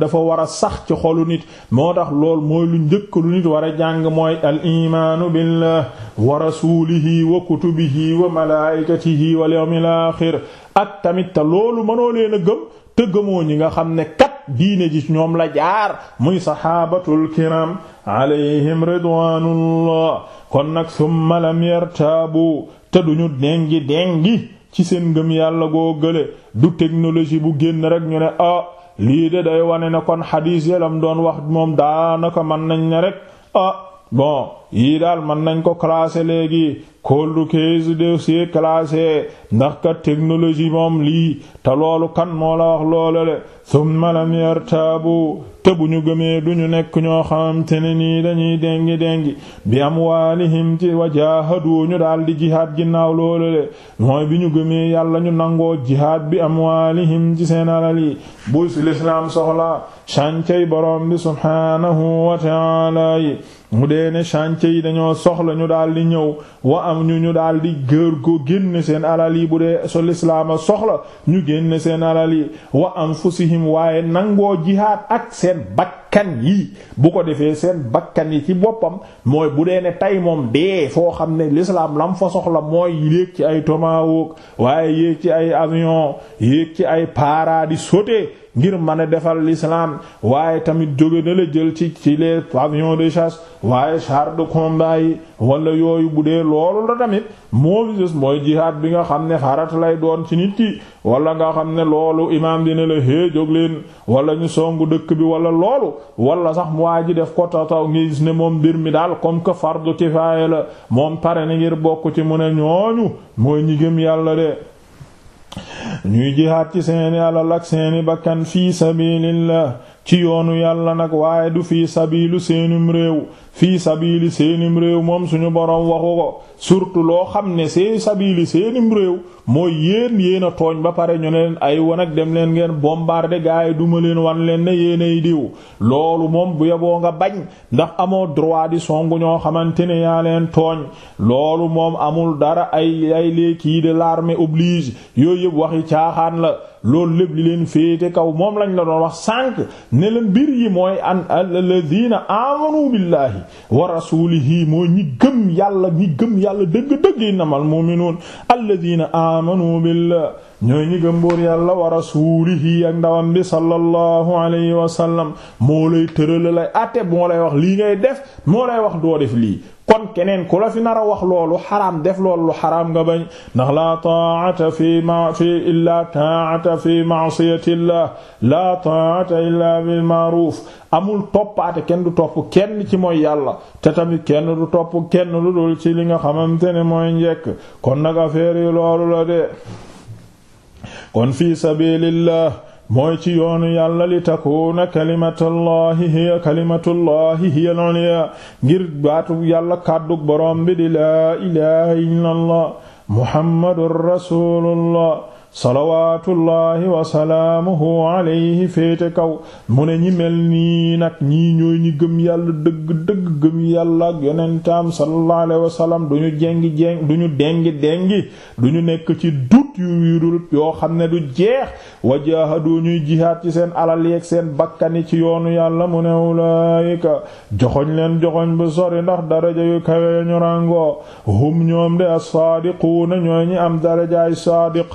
dafa war a sax ci xolu nit moo tax lool mooy lu njëkk lu nit war a jàng mooy al imaanu billah wa rasulihi wa kutubihi wa malaikatihi wal yawmil aaxir ak tamit te loolu mënoo leen gëm te gëmoo ñi nga xam ne kat diine ji ñoom la jaar muy saxaabatul kiram alayhim ridwaanullah kon nag summa lam yartaabu te duñu dengi dengi ci seen ngëm yàlla goo gële du technologie bu génn rek ñu ne a ah, lii de day wane na kon xadiis yalam doon wax moom daanaka mën nañ ne rek ah, bon yii daal mën nañ ko classer léegi kollu keesu dossier classé ndax kat technologie moom lii te loolu kan moo la wax loola le summa lam yartaabu te ñu gëmee duñu nekk ñoo xamante ne nii dañuy dengi dengi bi amwaalihim ci wajaahadu ñu daal di jihaad ginnaaw loolu le mooy bi ñu gëmee yàlla ñu nangoo jihaad bi amwaalihim ci seen alal yi bu lislaam soxla sancay borom bi subhaanahu wa yi mu dee ne chantier yi dañoo soxla ñu daal di ñëw wa am ñu ñu daal di gër ko génn seen alal yi bu dee so lislaama soxla ñu génn seen alal yi wa anfusihim waaye nangoo jihaad ak seen bakk kan yi bu ko defee seen bakkan yi ci boppam mooy bu dee ne tey moom dee foo xam ne lislaam lam fa soxla mooy yéeg ci ay tomahawk waaye yéeg ci ay avion yéeg ci ay paradis sauter ngir mën a defal l'islam waaye tamit jóge na la jël ci ci les avions de chasse waaye char de combat yi wala yooyu bu dee loolu la tamit moo fi mooy jihaad bi nga xam ne xarat lay doon ci nit ki wala nga xam ne loolu imaam dina la hee jóg leen wala ñu songu dëkk bi wala loolu walla sax waa ji def ko taw ngi gis ne moom mbir mi daal comme que fardu kifaaya la moom pare na ngir bokk ci mu ne ñooñu mooy ñi gëm yàlla de ñuy jihaat ci seeni alal ak seeni bakkan fii sabilillah ci yoonu yàlla nag waaye du fi sabilu seenum réew fii sabili seenim réew moom suñu borom waxu ko surtout loo xam ne see sabili seenim réew mooy yéen yéen a tooñ ba pare ñu ne leen ay wan dem leen ngeen bombarder gars yi duma leen wan leen ne yéenay diw loolu moom bu yeboo nga bañ ndax amoo droit di songu ñoo xamante ne yaa leen tooñ loolu moom amul dara ay ay les kii de l'armée oblige yooyu yëpp waxi caaxaan la loolu lépp li leen féete kaw moom lañ la doon wax sànq ne la mbir yi mooy an alladina amanu billahi billaahi wa rasuulihi mooy ñi gëm yàlla ñi gëm yàlla dëgg-dëgg innamal mu'minuun alladiina aamanu billah ñooy ñi gëm buur yàlla wa rasuulihi ak ndawam bi sallallahu alayhi wa sallam moo lay tërala lay àtte moo lay wax lii ngay def moo lay wax doo def lii kon keneen ku la fi nar a wax loolu xaraam def loolu lu nga bañ ndax laa taata fi ma fi illa taata fi maasiyatillah laa taata illa bil amul toppaate kenn du topp kenn ci mooy yàlla te tamit kenn du topp kenn lu dul ci li nga xamante ne mooy njekk kon nag affaire yi loolu la de kon fi sabilillah mooy ci yoonu yàlla li takuuna kalimatullahi hiya kalimatullahi hiya al-ulya ngir baatu yàlla kàddug boroom bi di laa ilaha illa allah muhammadur salawaatullahi wa salaamuhu alayhi féete kaw mu ne ñi mel nii nag ñii ñooy ñi gëm yàlla dëgg dëgg gëm yàlla ak tam sallallahu alayhi wa sallam du ñu jengi jeng du ñu dengi dengi du ñu nekk ci dut yu wiirul yoo xam ne du jeex wajaahadoo ñuy jihaad ci seen alal yeeg seen bakkani ci yoonu yàlla mu ne ulaayika joxoñ leen joxoñ bu sori ndax daraja yu kawe ñu ràngoo hum ñoom de as-saadiquuna ñooy ñi am darajaay saadiq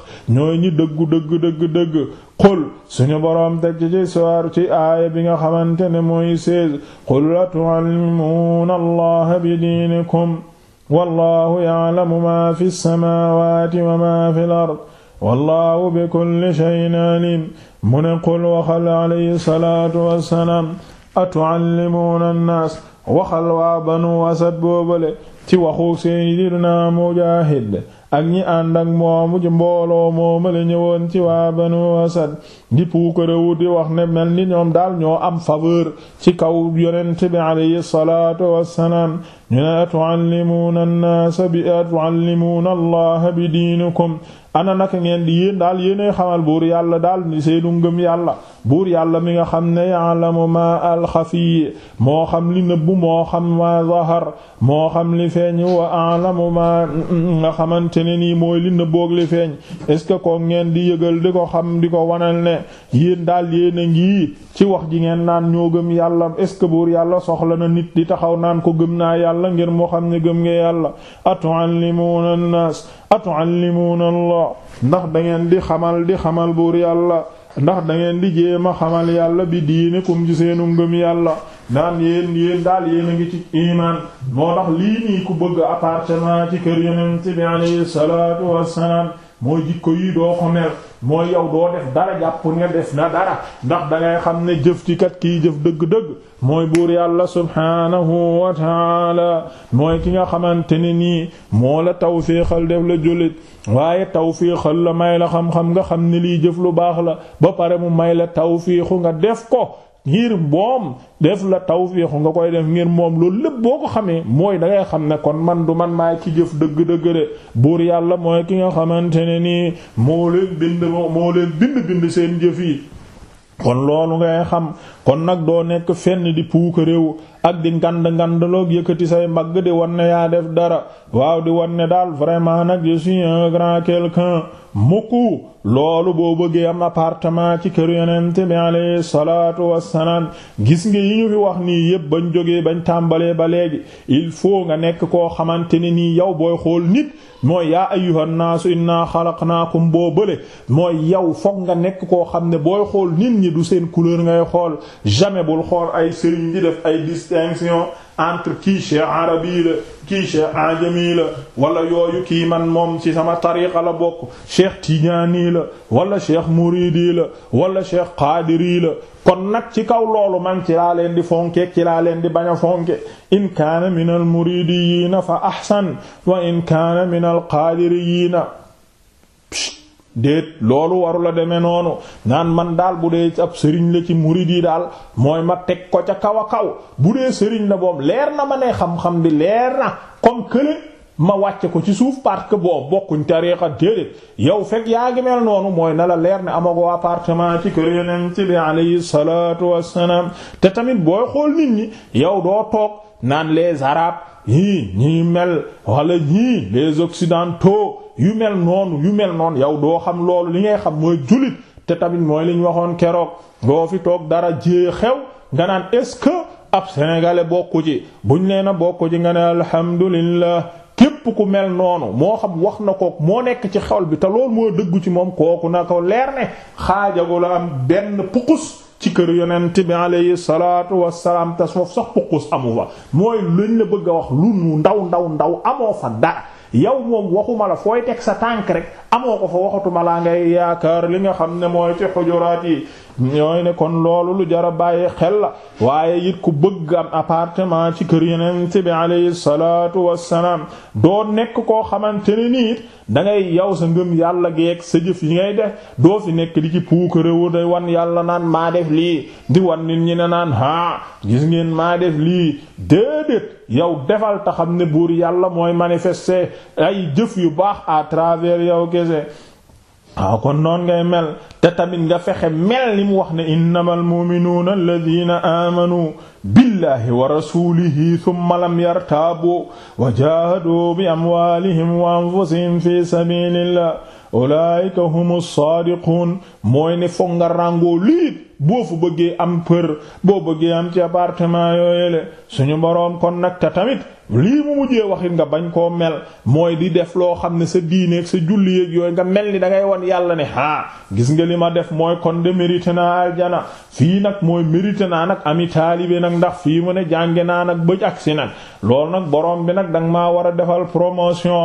ñooy ñi dëggu dëgg dëgg dëgg xul suñu boroom teg ci ci soar ci aaya bi nga xamante ne mooy seize qul atuallimuuna allaha bi diinikum wallahu ya'lamu ma fi samawati wa ma fi al-ard wallahu bi kulli shay'in alim mu ne qul waxal alayhi salaatu wassalaam atuallimuuna annaas waxal waa banu asad boobale ci waxu sayyidina mujaahid ak ñi ànd ak moomu ci mbooloo mooma la ci waa Banu Asad di puukarewu di wax ne mel ni ñoom daal ñoo am faveur ci kaw yonent bi alayhi salaatu wassalaam ñu ne atuallimuuna an-naasa bi bi diinikum ana naka ngeen di yéen daal yéenay xamal buur yàlla daal seenu ngëm yàlla buur yàlla mi nga xam ne ya'lamu ma alxafi moo xam li nëbbu moo xam ma zahar moo xam li feeñ wa a'lamu ma nga xamante ne nii mooy li nëbboog li feeñ est ce que ko ngeen di yëgal di ko xam di ko wanal ne yéen daal yéen a ngi ci wax ji ngeen naan ñoo gëm yàlla est ce que buur yàlla soxla na nit di taxaw naan ko gëm naa yàlla ngir moo xam ne gëm nga yàlla atu'allimuna an-nas atuallimuuna allah ndax da ngeen di xamal di xamal buur yàlla ndax da ngeen di jéem xamal yàlla bi diinikum ci seenu ngëm yàlla naan yéen yéen daal yéen a ngi ci iman moo tax lii nii ku bëgg appartement ci kër yonent bi alayhi salaatu wassalaam mooy jikko yi doo ko mooy yow doo def dara jàpp nga def na dara ndax dangay xam ne jëf ci kat kii jëf dëgg-dëgg mooy buur yàlla subhaanahu wa taala mooy ki nga xamante ne nii moo la tawfiixal def la jullit waaye tawfiixal la may la xam-xam nga xam ni lii jëf lu baax la ba pare mu may la tawfiixu nga def ko ngir moom def la taw tawfiix nga koy def ngir moom loolu lépp boo ko xamee mooy da ngay xam ne kon man du man maay ci jëf dëgg-dëgg de buur yàlla mooy ki nga xamante ne nii moo leen bind moo leen bind bind seen jëf yi kon loolu ngay xam kon nag doo nekk fenn di puuk réew ak di ngand ngandloog yëkkati say mbagg di wan yaa def dara waaw di wan ne daal vraiment nag je suis un grand quelqu'un mukku loolu boo bëggee am appartement ci kër yonent bi alayhi salaatu wassalaam gis ngi yi ñu fi wax nii yépp bañ jógee bañ tàmbalee ba léegi il faut nga nekk koo xamante ne nii yow booy xool nit mooy yaa ayyuhan naasu inna xalaqnaakum boo bële mooy yow fokk nga nekk koo xam ne booy xool nit ñi du seen couleur ngay xool jamais bul distinction entre kii Cheikh Arabi la kii Cheikh Ajami la wala yooyu kii man moom ci sama tariqa la bokk Cheikh Tidiane la wala Cheikh Muridi la wala Cheikh Qadiri la kon nag ci kaw loolu man ci laa leen di fonke ci laa leen di bañ a fonke in kaana min al fa ahsan wa in kaana min al déet loolu waru la demee noonu naan man daal bu dee ab sëriñ la ci murid yi daal mooy ma teg ko ca kaw a kaw bu dee sëriñ la boobu leer na ma ne xam-xam bi leer na comme kële ma wàcce ko ci suuf parce que boo bokkuñ tariixa déedéet yow fekk yaa ngi mel noonu mooy na la leer ne amagoo appartement ci kër yonent bi alayhi salaatu wassalaam te tamit booy xool nit ñi yow doo toog naan les arabes yii ñii mel walla ñii les occidentaux yu mel noonu yu mel noon yow doo xam loolu li ngay xam mooy julit te tamit mooy li waxoon keroog boo fi toog dara jiyee xew nga naan est-ce que ab sénégalais bokku ci buñ leen a bokku ci nga ne alhamdulillah képp ku mel noonu moo xam wax na ko moo nekk ci xol bi te loolu moo dëggu ci moom kooku na ko leer ne xaajagu am benn pukus ci kër yonent bi alayhi salaatu wassalaam tas foofu sax pukus amu fa mooy luñ la bëgg a wax lu nu ndaw ndaw ndaw amoo fa dara yow moom waxuma la fooy teg sa tànk rek amoo ko fa waxatuma laa ngay yaakaar li nga xam ne mooy ci xujuraat yi ñooy ne kon loolu lu jara bàyyi xel la waaye it ku bëgg am appartement ci kër yeneen bi alayhi salaatu wassalaam doo nekk koo xamante ne nii da ngay yow sa ngëm yàlla geeg sa jëf yi ngay def doo fi nekk di ci puukarewu day wan yàlla naan maa def lii di wan nit ñi ne naan haa gis ngeen maa def lii déedéet yow defal ta xam ne buur yàlla mooy manifeste ay jëf yu baax à travers yow kese waaw ah, kon noon ngay mel te tamit nga fexe mel ni mu wax ne innamal mu'minuuna alladhiina aamanu billahi wa rasulihi thumma lam yartaabu wa jaahadu bi amwaalihim wa anfusihim fi sabilillah ulaayika humu saadiqun mooy ne foog nga ràngoo lii boo fu bëggee am për boo bëggee am ci appartement yooyele suñu boroom kon nag te tamit lii mu mujjee waxit nga bañ koo mel mooy di def loo xam ne sa diineeg sa julli yeeg yooyu nga mel ni da ngay wan yàlla ne haa gis nga li ma def mooy kon de mérité naa aljana fii nag mooy mérité naa nag ami taalibe nag ndax fii mu ne jànge naa nag bëj ak si nag loolu nag boroom bi nag danga maa war a defal promotion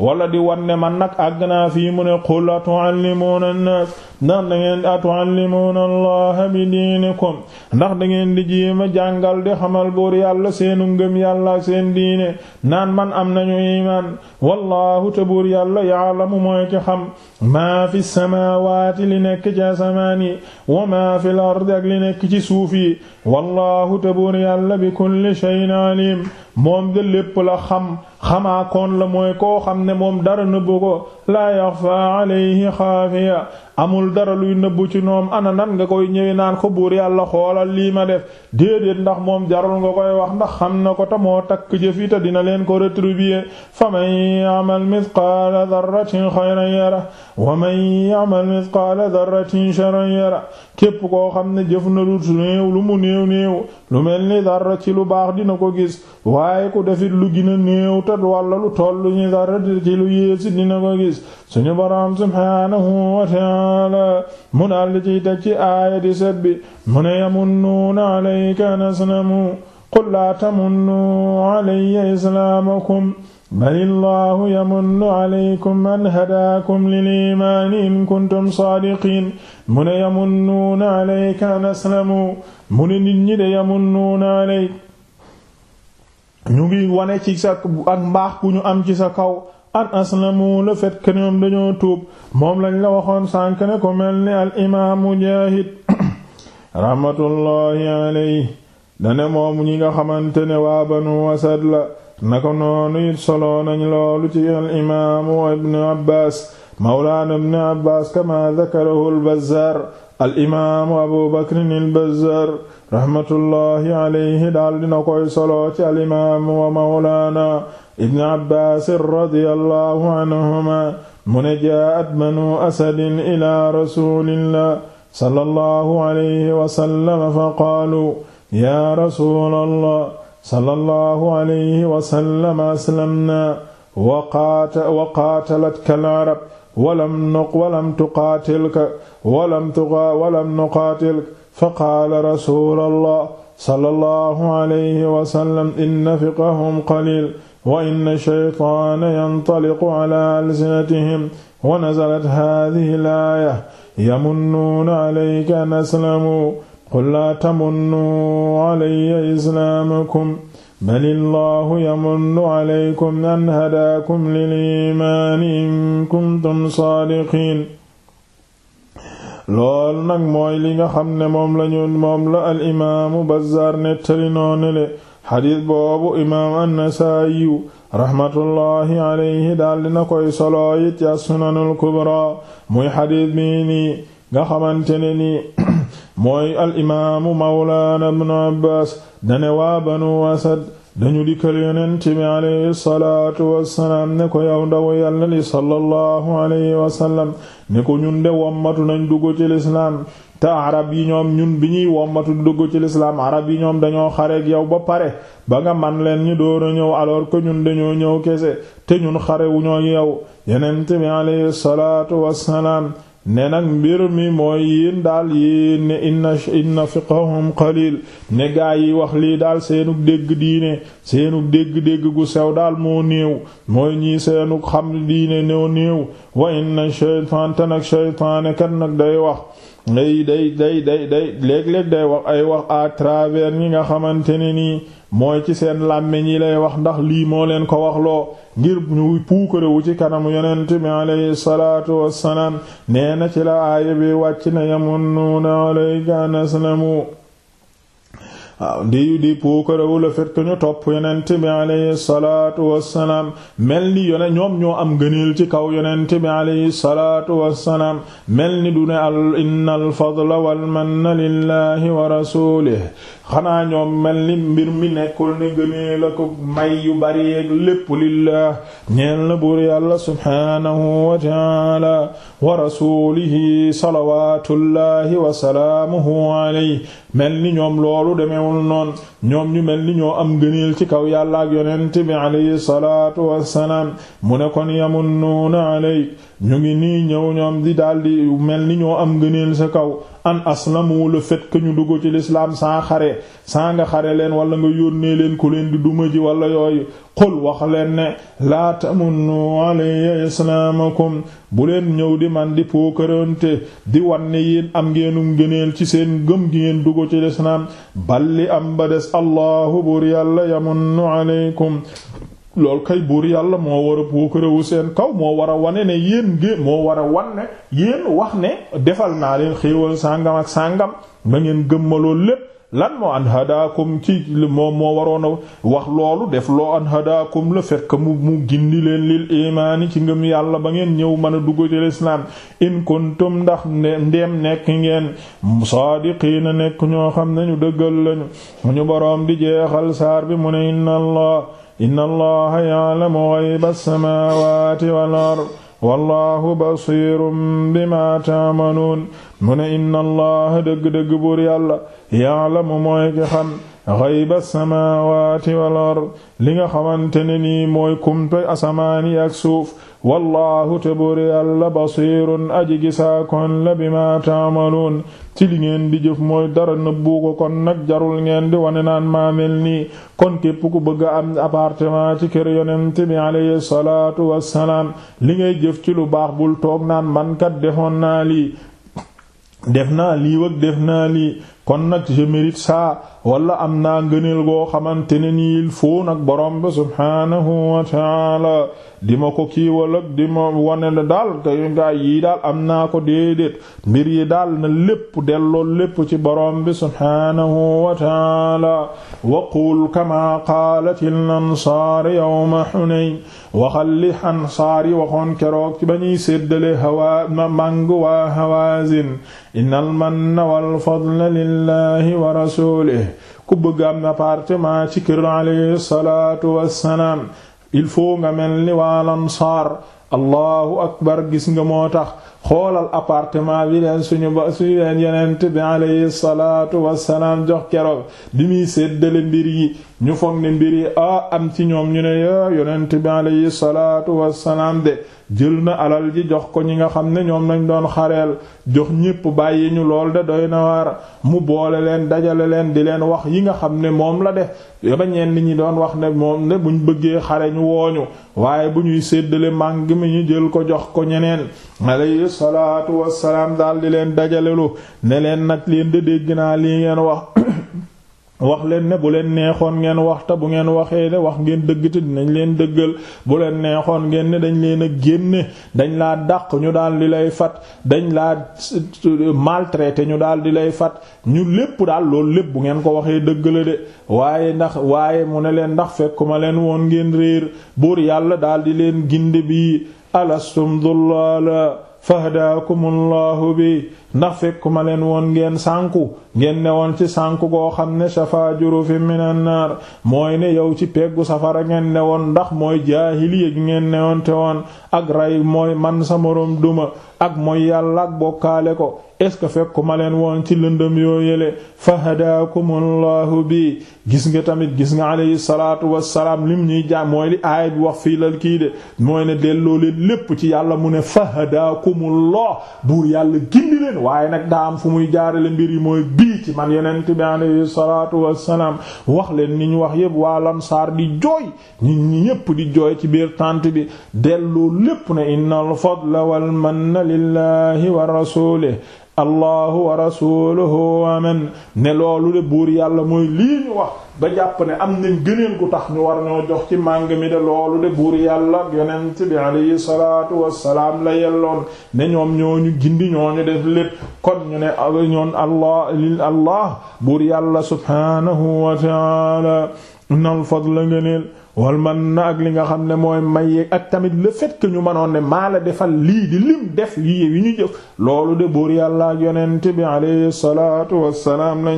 wala di wan ne man nag àgg naa fii mu ne qul atu'allimuna an-nas ndax da ngeen atuallimuuna allaha bi diinikum ndax da ngeen di jéema jàngal di xamal buur yàlla seenu ngëm yàlla seen diine naan man am nañu iman wallahu te buur yàlla yaalamu mooy ki xam maa fi samaawaati li nekk ci asamaan wa maa fi l ard ak li nekk ci suuf yi wallahu te buur yàlla bi kulli shay'in alim moom de lépp la xam xamaakoon la mooy koo xam ne moom dara nëbbu ko laa yaxfaa alayhi xaafiya amul dara luy nëbbu ci ñoom ana nan nga koy ñëwee naan ko buur yàlla xoolal lii ma def déedéet ndax moom jarul nga koy wax ndax xam na ko te moo takk jëf yi te dina leen ko rétribuer fa man ya'mal mithqaala dharratin xayran yara wa man ya'mal mithqaala dharratin sharran yara képp koo xam ne jëf na lu néew lu mu néew néew lu mel ni dara ci lu baax dina ko gis waaye ku defit lu gina néew te walla lu tollu ñu dara ci lu yées dina ko gis gis suñu boroom subhaanahu wa ta'ala mu daal di ciy teg ci aaya di set bi mu ne yamunnuuna alayka an aslamu qul laa tamunnuu alayya islaamakum bal illahu yamunnu alaykum an hadaakum lil imaan in kuntum saadiqiin mu ne yamunnuuna alayka an aslamu mu ne nit ñi de yamunnuuna alayka ñu ngi wane ci sa ak mbaax ku ñu am ci sa kaw an aslamu le fait dañoo tuub moom lañ la waxoon sànk ne ko mel ni al imaam Mujaahid rahmatullahi alayhi dane moom ñi nga xamante ne waa Banu Wasad la nako noonu it soloo nañ loolu ci al imaamu Ibn Abbaas mawlaana Ibn Abbaas kama dakarahu al Bazzaar al imaamu abu bakrin al bazzaar raxmatullahi alayhi daal dina koy solo ci al imaamu wa mawlaana ibni abbaasin radiyallahu anhuma mu ne jaa'at banu asadin ilaa rasulillah sallallahu alayhi wa sallam fa qaalu yaa rasuulallah sallallahu alayhi wa sallam aslamnaa wa qaatalatka al arab walam nuq walam tuqaatilka walam tuqa walam nuqaatilka fa qaala rasuulallah sallallahu alayhi wa sallam inna fiqhahum qaliil wa inna shaytaana yantaliqu ala alsinatihim wa nazalat haadihi al-aaya yamunnuuna alayka an aslamuu qul laa tamunnuu alayya islaamakum bal allahu yamunnu alaykum an hadaakum lil imaan in kuntum saadiqiin lool nag mooy li nga xam ne moom lañu moom la al imaamu Bazzaar nettali noonu le xadiis boobu imaam an-Nasaa'i raxmatullahi alayhi daldi na koy solooyit ya sunanul kubra muy xadiis bii nii nga xamante ne mooy al imaamu mawlaana ibnu abbaas dane waa banu asad dañu dikkal yonent bi alayhi salaatu wassalaam ne ko yow ndaw yàlla li sallallahu alayhi wasallam ne ko ñun de wommatu nañ dugg ci lislaam te arab yi ñoom ñun bi ñuy wommatu dugg ci lislaam arab yi ñoom dañoo xareek yow ba pare ba nga man leen ñi door ñëw alors que ñun dañoo ñëw kese te ñun xare wu ñoo yow yonent bi alayhi salaatu wassalaam ne nag mbir mi mooy yéen daal yéen ne inna inna fiqhahum qalil ne gaa yi wax lii daal seenu dégg diine seenug dégg-dégg gu sew daal moo néew mooy ñii seenu xam diine noo néew wa inna shaytaan te nag shaytaane kat nag day wax day day day day day léeg day wax ay wax à travers ñi nga xamante ne nii mooy ci seen làmmiñ yi lay wax ndax lii moo leen ko waxloo ngir ñu puukarewu ci kanamu yonent bi alayhi salaatu wassalaam nee ci la aaya bi wàcc na yamunnuuna alayka an aslamu waaw ndiyu di puukarewu la fait ñu topp yonent bi salaatu wassalaam mel ni ñoom ñoo am gëneel ci kaw yonent bi alayhi salaatu wassalaam mel ni du ne al inna al fadla wal manna lillahi wa rasulihi xanaa ñoom mel ni mbir mi nekkul ni gënee la ko may yu bari yeeg lépp lillah ñeel na buur yàlla subhaanahu wa taala wa rasulihi salawatullahi wa salaamuhu alayhi mel ni ñoom loolu demeewul noon ñoom ñu mel ni ñoo am gëneel ci kaw yàlla ak yonent bi alayhi salaatu wassalaam mu ne kon yamunnuuna alayk ñu ngi ni ñëw ñoom di daldi mel ni ñoo am gëneel sa kaw an aslamu le fait ñu dugg ci lislaam sans xare sans nga xare leen wala nga yónnee leen ku leen di duma ji wala yooyu qul wax leen ne laa tamunnu alayya islaamakum bu leen ñëw di man di pookarante di wan ne yéen am ngeenu gëneel ci seen gëm gi ngeen dugg ci l'islam balli am ba des allahu bur yàlla yamunnu alaykum loolu kay buur yàlla moo war a puukarewu seen kaw moo war a wane ne yéen ngeen moo war a wan ne yéen wax ne defal naa leen xéewal sàngam ak sàngam ba ngeen gëmmaloo lépp lan moo an hadakum ci moom moo waroon a wax loolu def loo an hadakum la fekk mu mu gindi leen lil imaani ci ngëm yàlla ba ngeen ñëw mën a dugg ci lislaam in kuntum ndax ndeem nekk ngeen saadiqiina nekk ñoo xam ne ñu dëggal lañu ñu boroom di jeexal saar bi mu ne inna allah inna allaha ya'lamu ghayba as-samawati wal ard wallahu basiirun bima ta'maluun mu ne inna allaha dëgg-dëgg buur yàlla ya'lamu mooy ki xam xayba samaawaati wal ard li nga xamante ne nii mooy kumpe asamaan yi ak suuf wallahu te buri yàlla basiirun aji gisaakoon la bima taamaluun ci li ngeen di jëf mooy dara nëbbu ko kon nag jarul ngeen di wane naan maamel nii kon képp ku bëgg am appartement ci kër yonent bi alayhi salaatu wassalaam li ngay jëf ci lu baax bul toog naan mankat defoon naa lii def naa lii wëg def naa lii kon nag je mérite wala am naa ngëneel goo xamante ne nii il faut nag borom subhaanahu wa taala di ko kii wala di ma wane la daal te yii daal am naa ko déedéet mbir yi daal na lépp delloo lépp ci borom bi subhaanahu wa taala wa qul kama qaalat il ansaar yawma hunayn waxal li ansaar yi waxoon keroog ci ba ñuy séddale hawa màng waa hawazin innal lillahi wa rasulihi ku bëgg am appartement ci kër alayhi salaatu wassalaam il faut nga mel ni waa lansaar allahu akbar gis nga moo tax xoolal appartement bi leen suñu ba suñu leen yonent bi alayhi salaatu wassalaam jox keroog bi muy séddale mbir yi ñu foog mbir yi a ah, am ci ñoom ñu ne ya ah, yonent bi alayhi salaatu wassalaam de jël na alal ji jox ko ñi nga xam ne ñoom lañ doon xareel jox ñépp bàyyi ñu lool de doy na waar mu boole leen dajale leen di leen wax yi nga xam ne moom la def ba ñenn ñi doon wax ne moom bu ñu bëggee xare ñu wooñu waaye bu ñuy séddale màng mi ñu jël ko jox ko ñeneen alayhi salaatu wassalaam daal di leen dajalelu ne leen nag leen de dégg naa lii ngeen wax wax leen ne bu leen neexoon ngeen wax bu ngeen waxee ne wax ngeen dëgg te dinañ leen dëggal bu leen neexoon ngeen ne dañ leen a génne dañ laa dàq ñu daal di lay fat dañ laa maltraité ñu daal di lay fat ñu lépp daal loolu lépp bu ngeen ko waxee dëgg la de waaye ndax waaye mu ne leen ndax fekkuma leen woon ngeen réer buur yàlla daal di leen gindi bii alastum dullaala fahdaakumullahu bi ndax fekkuma leen woon ngeen sànku ngeen newoon ci sànk goo xam ne shafa jurufin minan naar mooy ne yow ci peggu safara ngeen newoon ndax mooy jaahiliya gi ngeen newoon woon ak ray mooy man sa moroom duma ak mooy yàlla ak bokkaale ko est ce que fekkuma leen woon ci lëndëm yoo yële fa hadaakumullahu bi gis nga tamit gis nga alayhi salaatu wassalaam lim ñuy jàng mooy li aaya wax fii lal kii de mooy ne delloo leen lépp ci yàlla mu ne fa hadaakumullah buur yàlla gindi leen waaye nag daa am fu muy bii man yonent bi alayhi salaatu wassalaam wax leen ni ñu wax yépp waa lamsaar di jooy nit ñi ñépp di jooy ci biir tànt bi dellu lépp na inna al wal man lillahi wa rasuulihi allahu wa rasuluhu amen ne loolu de buur yàlla mooy lii wax ba jàpp ne am nañ gëneen ku tax ñu war ñoo jox ci màng mi de loolu de buur yàlla yonent bi alayhi salaatu wassalaam la yelloon ne ñoom ñooñu gindi ñooñu def lépp kon ñu ne ñoon allah lil allah buur yàlla subhaanahu wa ta'ala innal fadla ngëneel wal man na ak li nga xam ne mooy may ak tamit la fait ñu manoon ne maa la defal lii di lim def yi yu ñu jëf loolu de buur yàlla ak yonent bi alayhi salaatu wassalaam la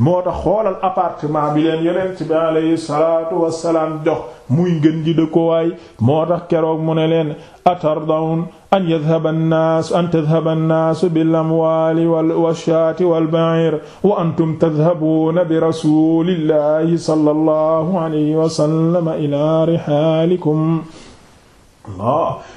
moo tax xoolal appartement bi leen yonent bi alayhi salaatu wassalaam jox muy gën ji dëkkuwaay moo tax keroog mu ne leen atardawun an yadhhaba an-naas an tadhhaba an-naas bil amwaali wash-shaati wal-ba'iir wa antum tadhhabuuna bi rasuulillaahi sallallahu alayhi wa sallam ilaa rihaalikum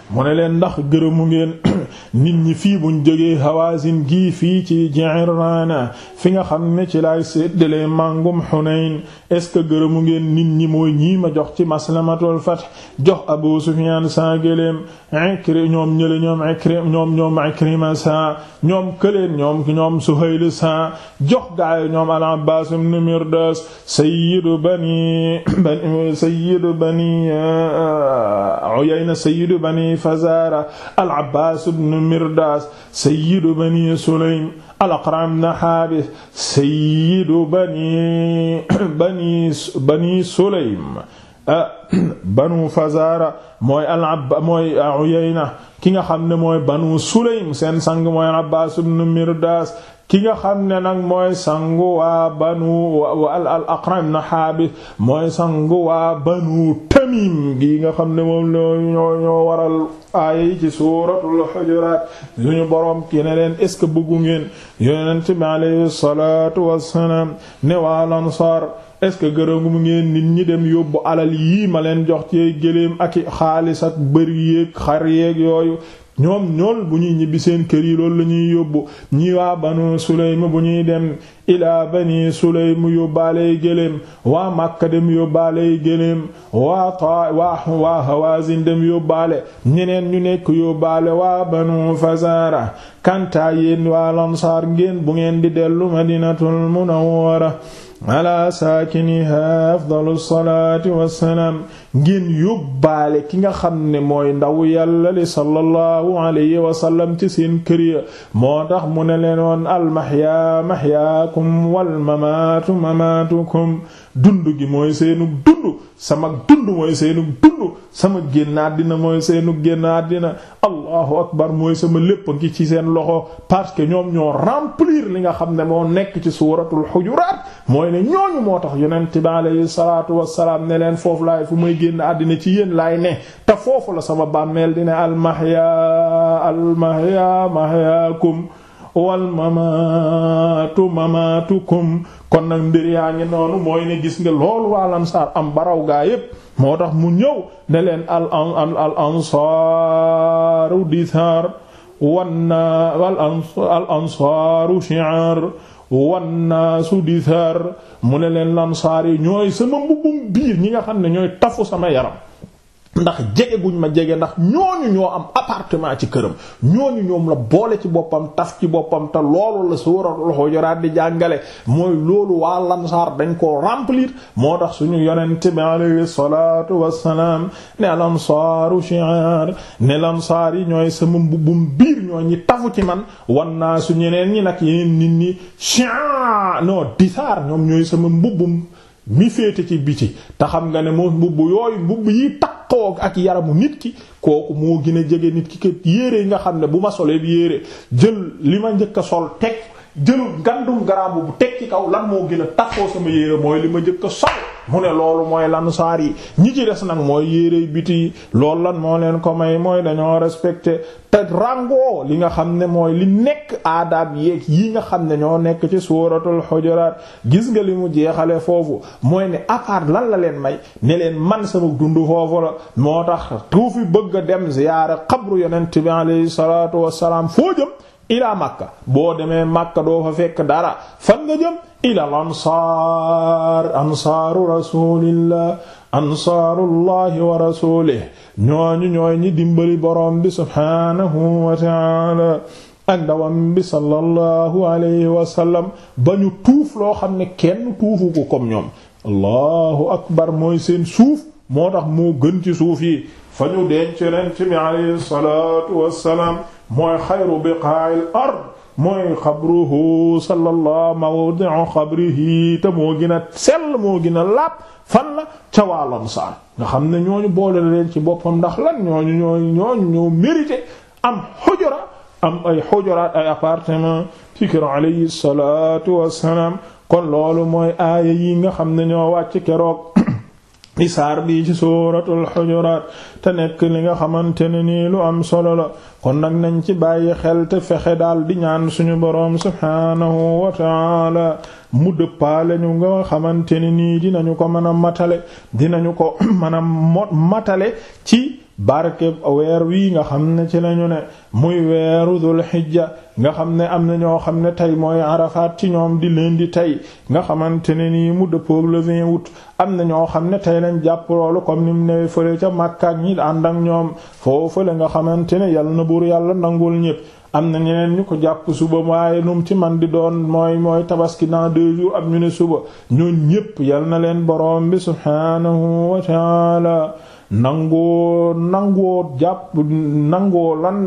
mu ne leen ndax gërëmu ngeen nit ñi fii buñ jógee Hawazin gii fii ci Ji'irraana fi nga xam ne ci laay séddalee màngum Hunayn est-ce que gërëmu ngeen nit ñi mooy ñii ma jox ci maslamatul fath jox Abu Sufyaan saa gëléem Ikri ñoom ñële ñoom Ikri ñoom ñoom Ikrima saa ñoom këleen ñoom su Suhayl saa jox gaayu ñoom al-Abbaas ibn Mirdaas sayyidu bani sayyidu bani uh, Uyayna bani fazaara al-Abbaas ibn Mirdaas sayyidu bani Sulaym al-Aqra' ibn Haabis sayyidu bani bani bani Sulaym ah, banu fazaara mooy al-Abbaas mooy Uyayna ki nga xam ne mooy banu Sulaym seen sang mooy al-Abbaas ibn Mirdaas ki nga xam ne nag mooy sangu waa banu wa al Aqra ibn Haabis mooy sangu waa banu Tamim gi nga xam ne moom loo ñoo waral aaya yi ci suuratul Hujuraat suñu boroom ki ne leen est-ce que bëggu ngeen yonent bi alayhi salaatu wassalaam ne waa Ansaar est-ce que gërëngu ngeen nit ñi dem yóbbu alal yii ma leen jox ci géléem ak i xaalis ak bëri yéeg xar yéeg yooyu ñoom ñool bu ñuy ñibbi seen kër yi loolu la yóbbu ñi waa banu sulaym bu ñuy dem ilaa bani sulaym yóbbaaley géléem waa màkka dem yóbbaaley géléem waa ta dem yóbbaale ñeneen ñu nekk yóbbaale waa banu fazara kantaa yéen waa lansaar ngeen bu ngeen di dellu madinatul munawwara ala saakiniha afdalu salaati wassalaam ngeen yóbbaale ki nga xam ne mooy ndaw yàlla li sallallahu alayhi wa sallam ci seen kër ya moo tax mu ne leen woon almahyaa mahyaakum walmamaatu mamaatukum dund gi mooy seenu dund sama dund mooy seenu sama génn àddina mooy seenu génn àddina allahu akbar mooy sama lépp ngi ci seen loxo parce que ñoom ñoo remplir li nga xam ne moo nekk ci suuratul xujuraat mooy ne ñooñu moo tax yonent bi alayhi salaatu wassalaam fu may génn àddina ci yéen laay ne te foofu la sama bàmmeel di ne almahya almahya mahyaakum wal mamaatu mamaatukum kon nag mbir yaa ngi noonu mooy ne gis nga loolu waa Ansaar am baraw gaa yépp moo tax mu ñëw ne leen al an ansaaru disaar wanna al ansaaru shi'ar wannaasu di thar mu ne leen lansaar yi ñooy sama mbubbum biir ñi nga xam ne ñooy tafu sama yaram ndax jege guñ ma jege ndax ñooñu ñoo am appartement ci këram ñooñu ñoom la boole ci boppam taf ci boppam te loolu la suura loxo joraat di jàngale mooy loolu waa lamsaar dañ ko remplir moo tax suñu yonent bi alayhi salaatu wassalaam ne lamsaaru shi'ar ne lamsaar yi ñooy sama mbubbum biir ñoo ñi tafu ci man wan naa su ñeneen ñi nag yeneen nit ñi shi'ar non disaar ñoom ñooy sama mbubbum mi féete ci biti te xam nga ne moom mbubb yooyu mbubb yi takkoo ak yaramu nit ki kooku moo gën a jege nit ki kat yére yi nga xam ne bu ma solee bi yére jël li ma njëkk a sol teg jëlul ngandum garaabu bu teg ci kaw lan moo gën a taxoo sama yére mooy li ma njëkk a sol mu ne loolu mooy lan saar yi ñi ci des nag mooy yére biti lool lan moo leen ko may mooy dañoo respecté te ràngoo li nga xam ne mooy li nekk aadaab yeeg yi nga xam ne ñoo nekk ci suuratul xujuraat gis nga li mu jeexale foofu mooy ne à lan la leen may ne leen man sama dund foofu la moo tax tuufi bëgg a dem ziyaara xabru yonent bi alayhi salaatu wassalaam foo ilaa makka boo demee makka doo fa fekk dara fan nga jëm ilal ansaar ansaaru rasulillah ansaarullahi wa rasulih ñooñu ñooy ñi dimbali boroom bi subhanahu wa taala ak dawam bi sallallahu alayhi wa ba ñu tuuf loo xam ne kenn tuufu ko comme ñoom allahu akbar mooy seen suuf moo tax moo gën ci suuf yi fa ñu denc leen ci bi alayhi salatu mooy xayru biqa'il ard mooy xabruhu sallallahu mawdi'u xabrihi te moo gën a sell moo gën a fan la ca wàllum saan nga xam na ñooñu boole leen ci boppam ndax lan ñooñ ñooñu ñooñu ñoo mérité am xujura am ay xujuraat ay appartement fikir alayhi salatu wassalaam kon loolu mooy aaya yi nga xam ne ñoo ci keroog isaar bii ci suuratul xujuraat te nekk li nga xamante ne nii lu am solo la kon nag nañ ci bàyyi xel fexe daal di ñaan suñu boroom subhaanahu wa mu dëppaale ñu nga xamante ne nii dinañu ko mën a matale dinañu ko mën a matale ci barke weer wii nga xam ne ci nañu ne muy weeru dul xijja nga xam ne am na ñoo xam ne tey mooy arafaat ci ñoom di leen di tey nga xamante ne nii mu dëppoog le 20 août am na ñoo xam ne tey lañ jàpp loolu comme ni mu newee fële ca Makka ak ñi ànd ñoom foofu la nga xamante ne yàlla na buur yàlla nangul ñépp am na ñeneen ñu ko jàpp suba waaye num ci man di doon mooy mooy tabaski dans deux jours ab ñu ne suba ñooñ ñépp yal na leen boroom bi subhaanahu wa taala nangoo nangoo jàpp nangoo lan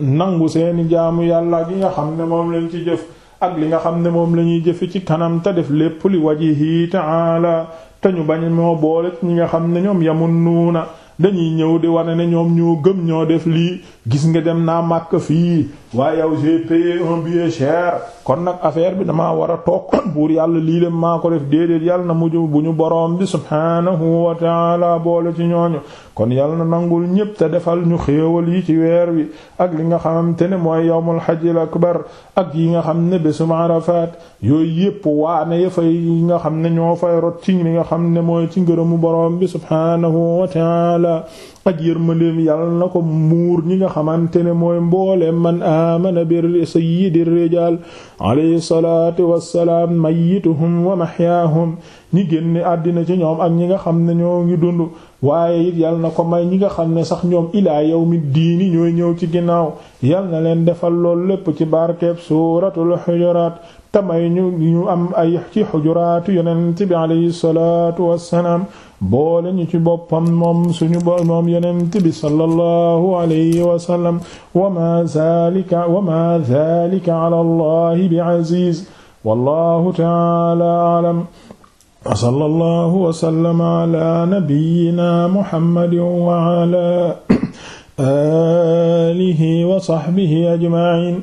nangu seeni jaamu yàlla gi nga xam ne moom lañ ci jëf ak li nga xam ne moom lañuy ñuy ci kanam te def lépp li wajihi taala te ñu bañ moo boole ñi nga xam ne ñoom yamun nuuna dañuy ñëw di wane ne ñoom ñoo gëm ñoo def lii gis nga dem naa màkk fii waaye yaw j'ai payé un kon nag affaire bi damaa war a toog buur yàlla lii dem maa ko def déedéet yàlla na mujj bu ñu boroom bi subhaanahu wa taala boole ci ñooñu kon yàlla na nangul ñépp te defal ñu xéewal yi ci weer wi ak li nga xamante ne mooy yawmul hajjil akbar ak yi nga xam ne bésum Arafat yooyu yépp waane ya fay yi nga xam ne ñoo fay rot ci li nga xam ne mooy ci ngërëmu boroom bi subhaanahu ta'ala ak yërmandeem yàlla na ko muur ñi nga xamante ne mooy mboole man amana bi sayyidi rijal alayhi salaatu wassalaam mayyituhum wa mahyaahum ñi génne àddina ci ñoom ak ñi nga xam ne ñoo ngi dund waaye it yal na ko may ñi nga xam ne sax ñoom ilaa yawmi diini ñooy ñëw ci ginnaaw yal leen defal lool lépp ci barkeeb suuratul Hujuraat te may ñu ñu am ay ci xujuraatu yonent bi alayhi salaatu wassalaam boole ñu ci boppam moom suñu bo moom yonent bi sallallahu alayhi wa sallam wa ma zalika wa ma zalika ala allahi bi aziz wallahu ta'ala a'lam wa sallallahu wa sallama ala nabiyyina muhammadin wa ala alihi wa sahbihi ajma'in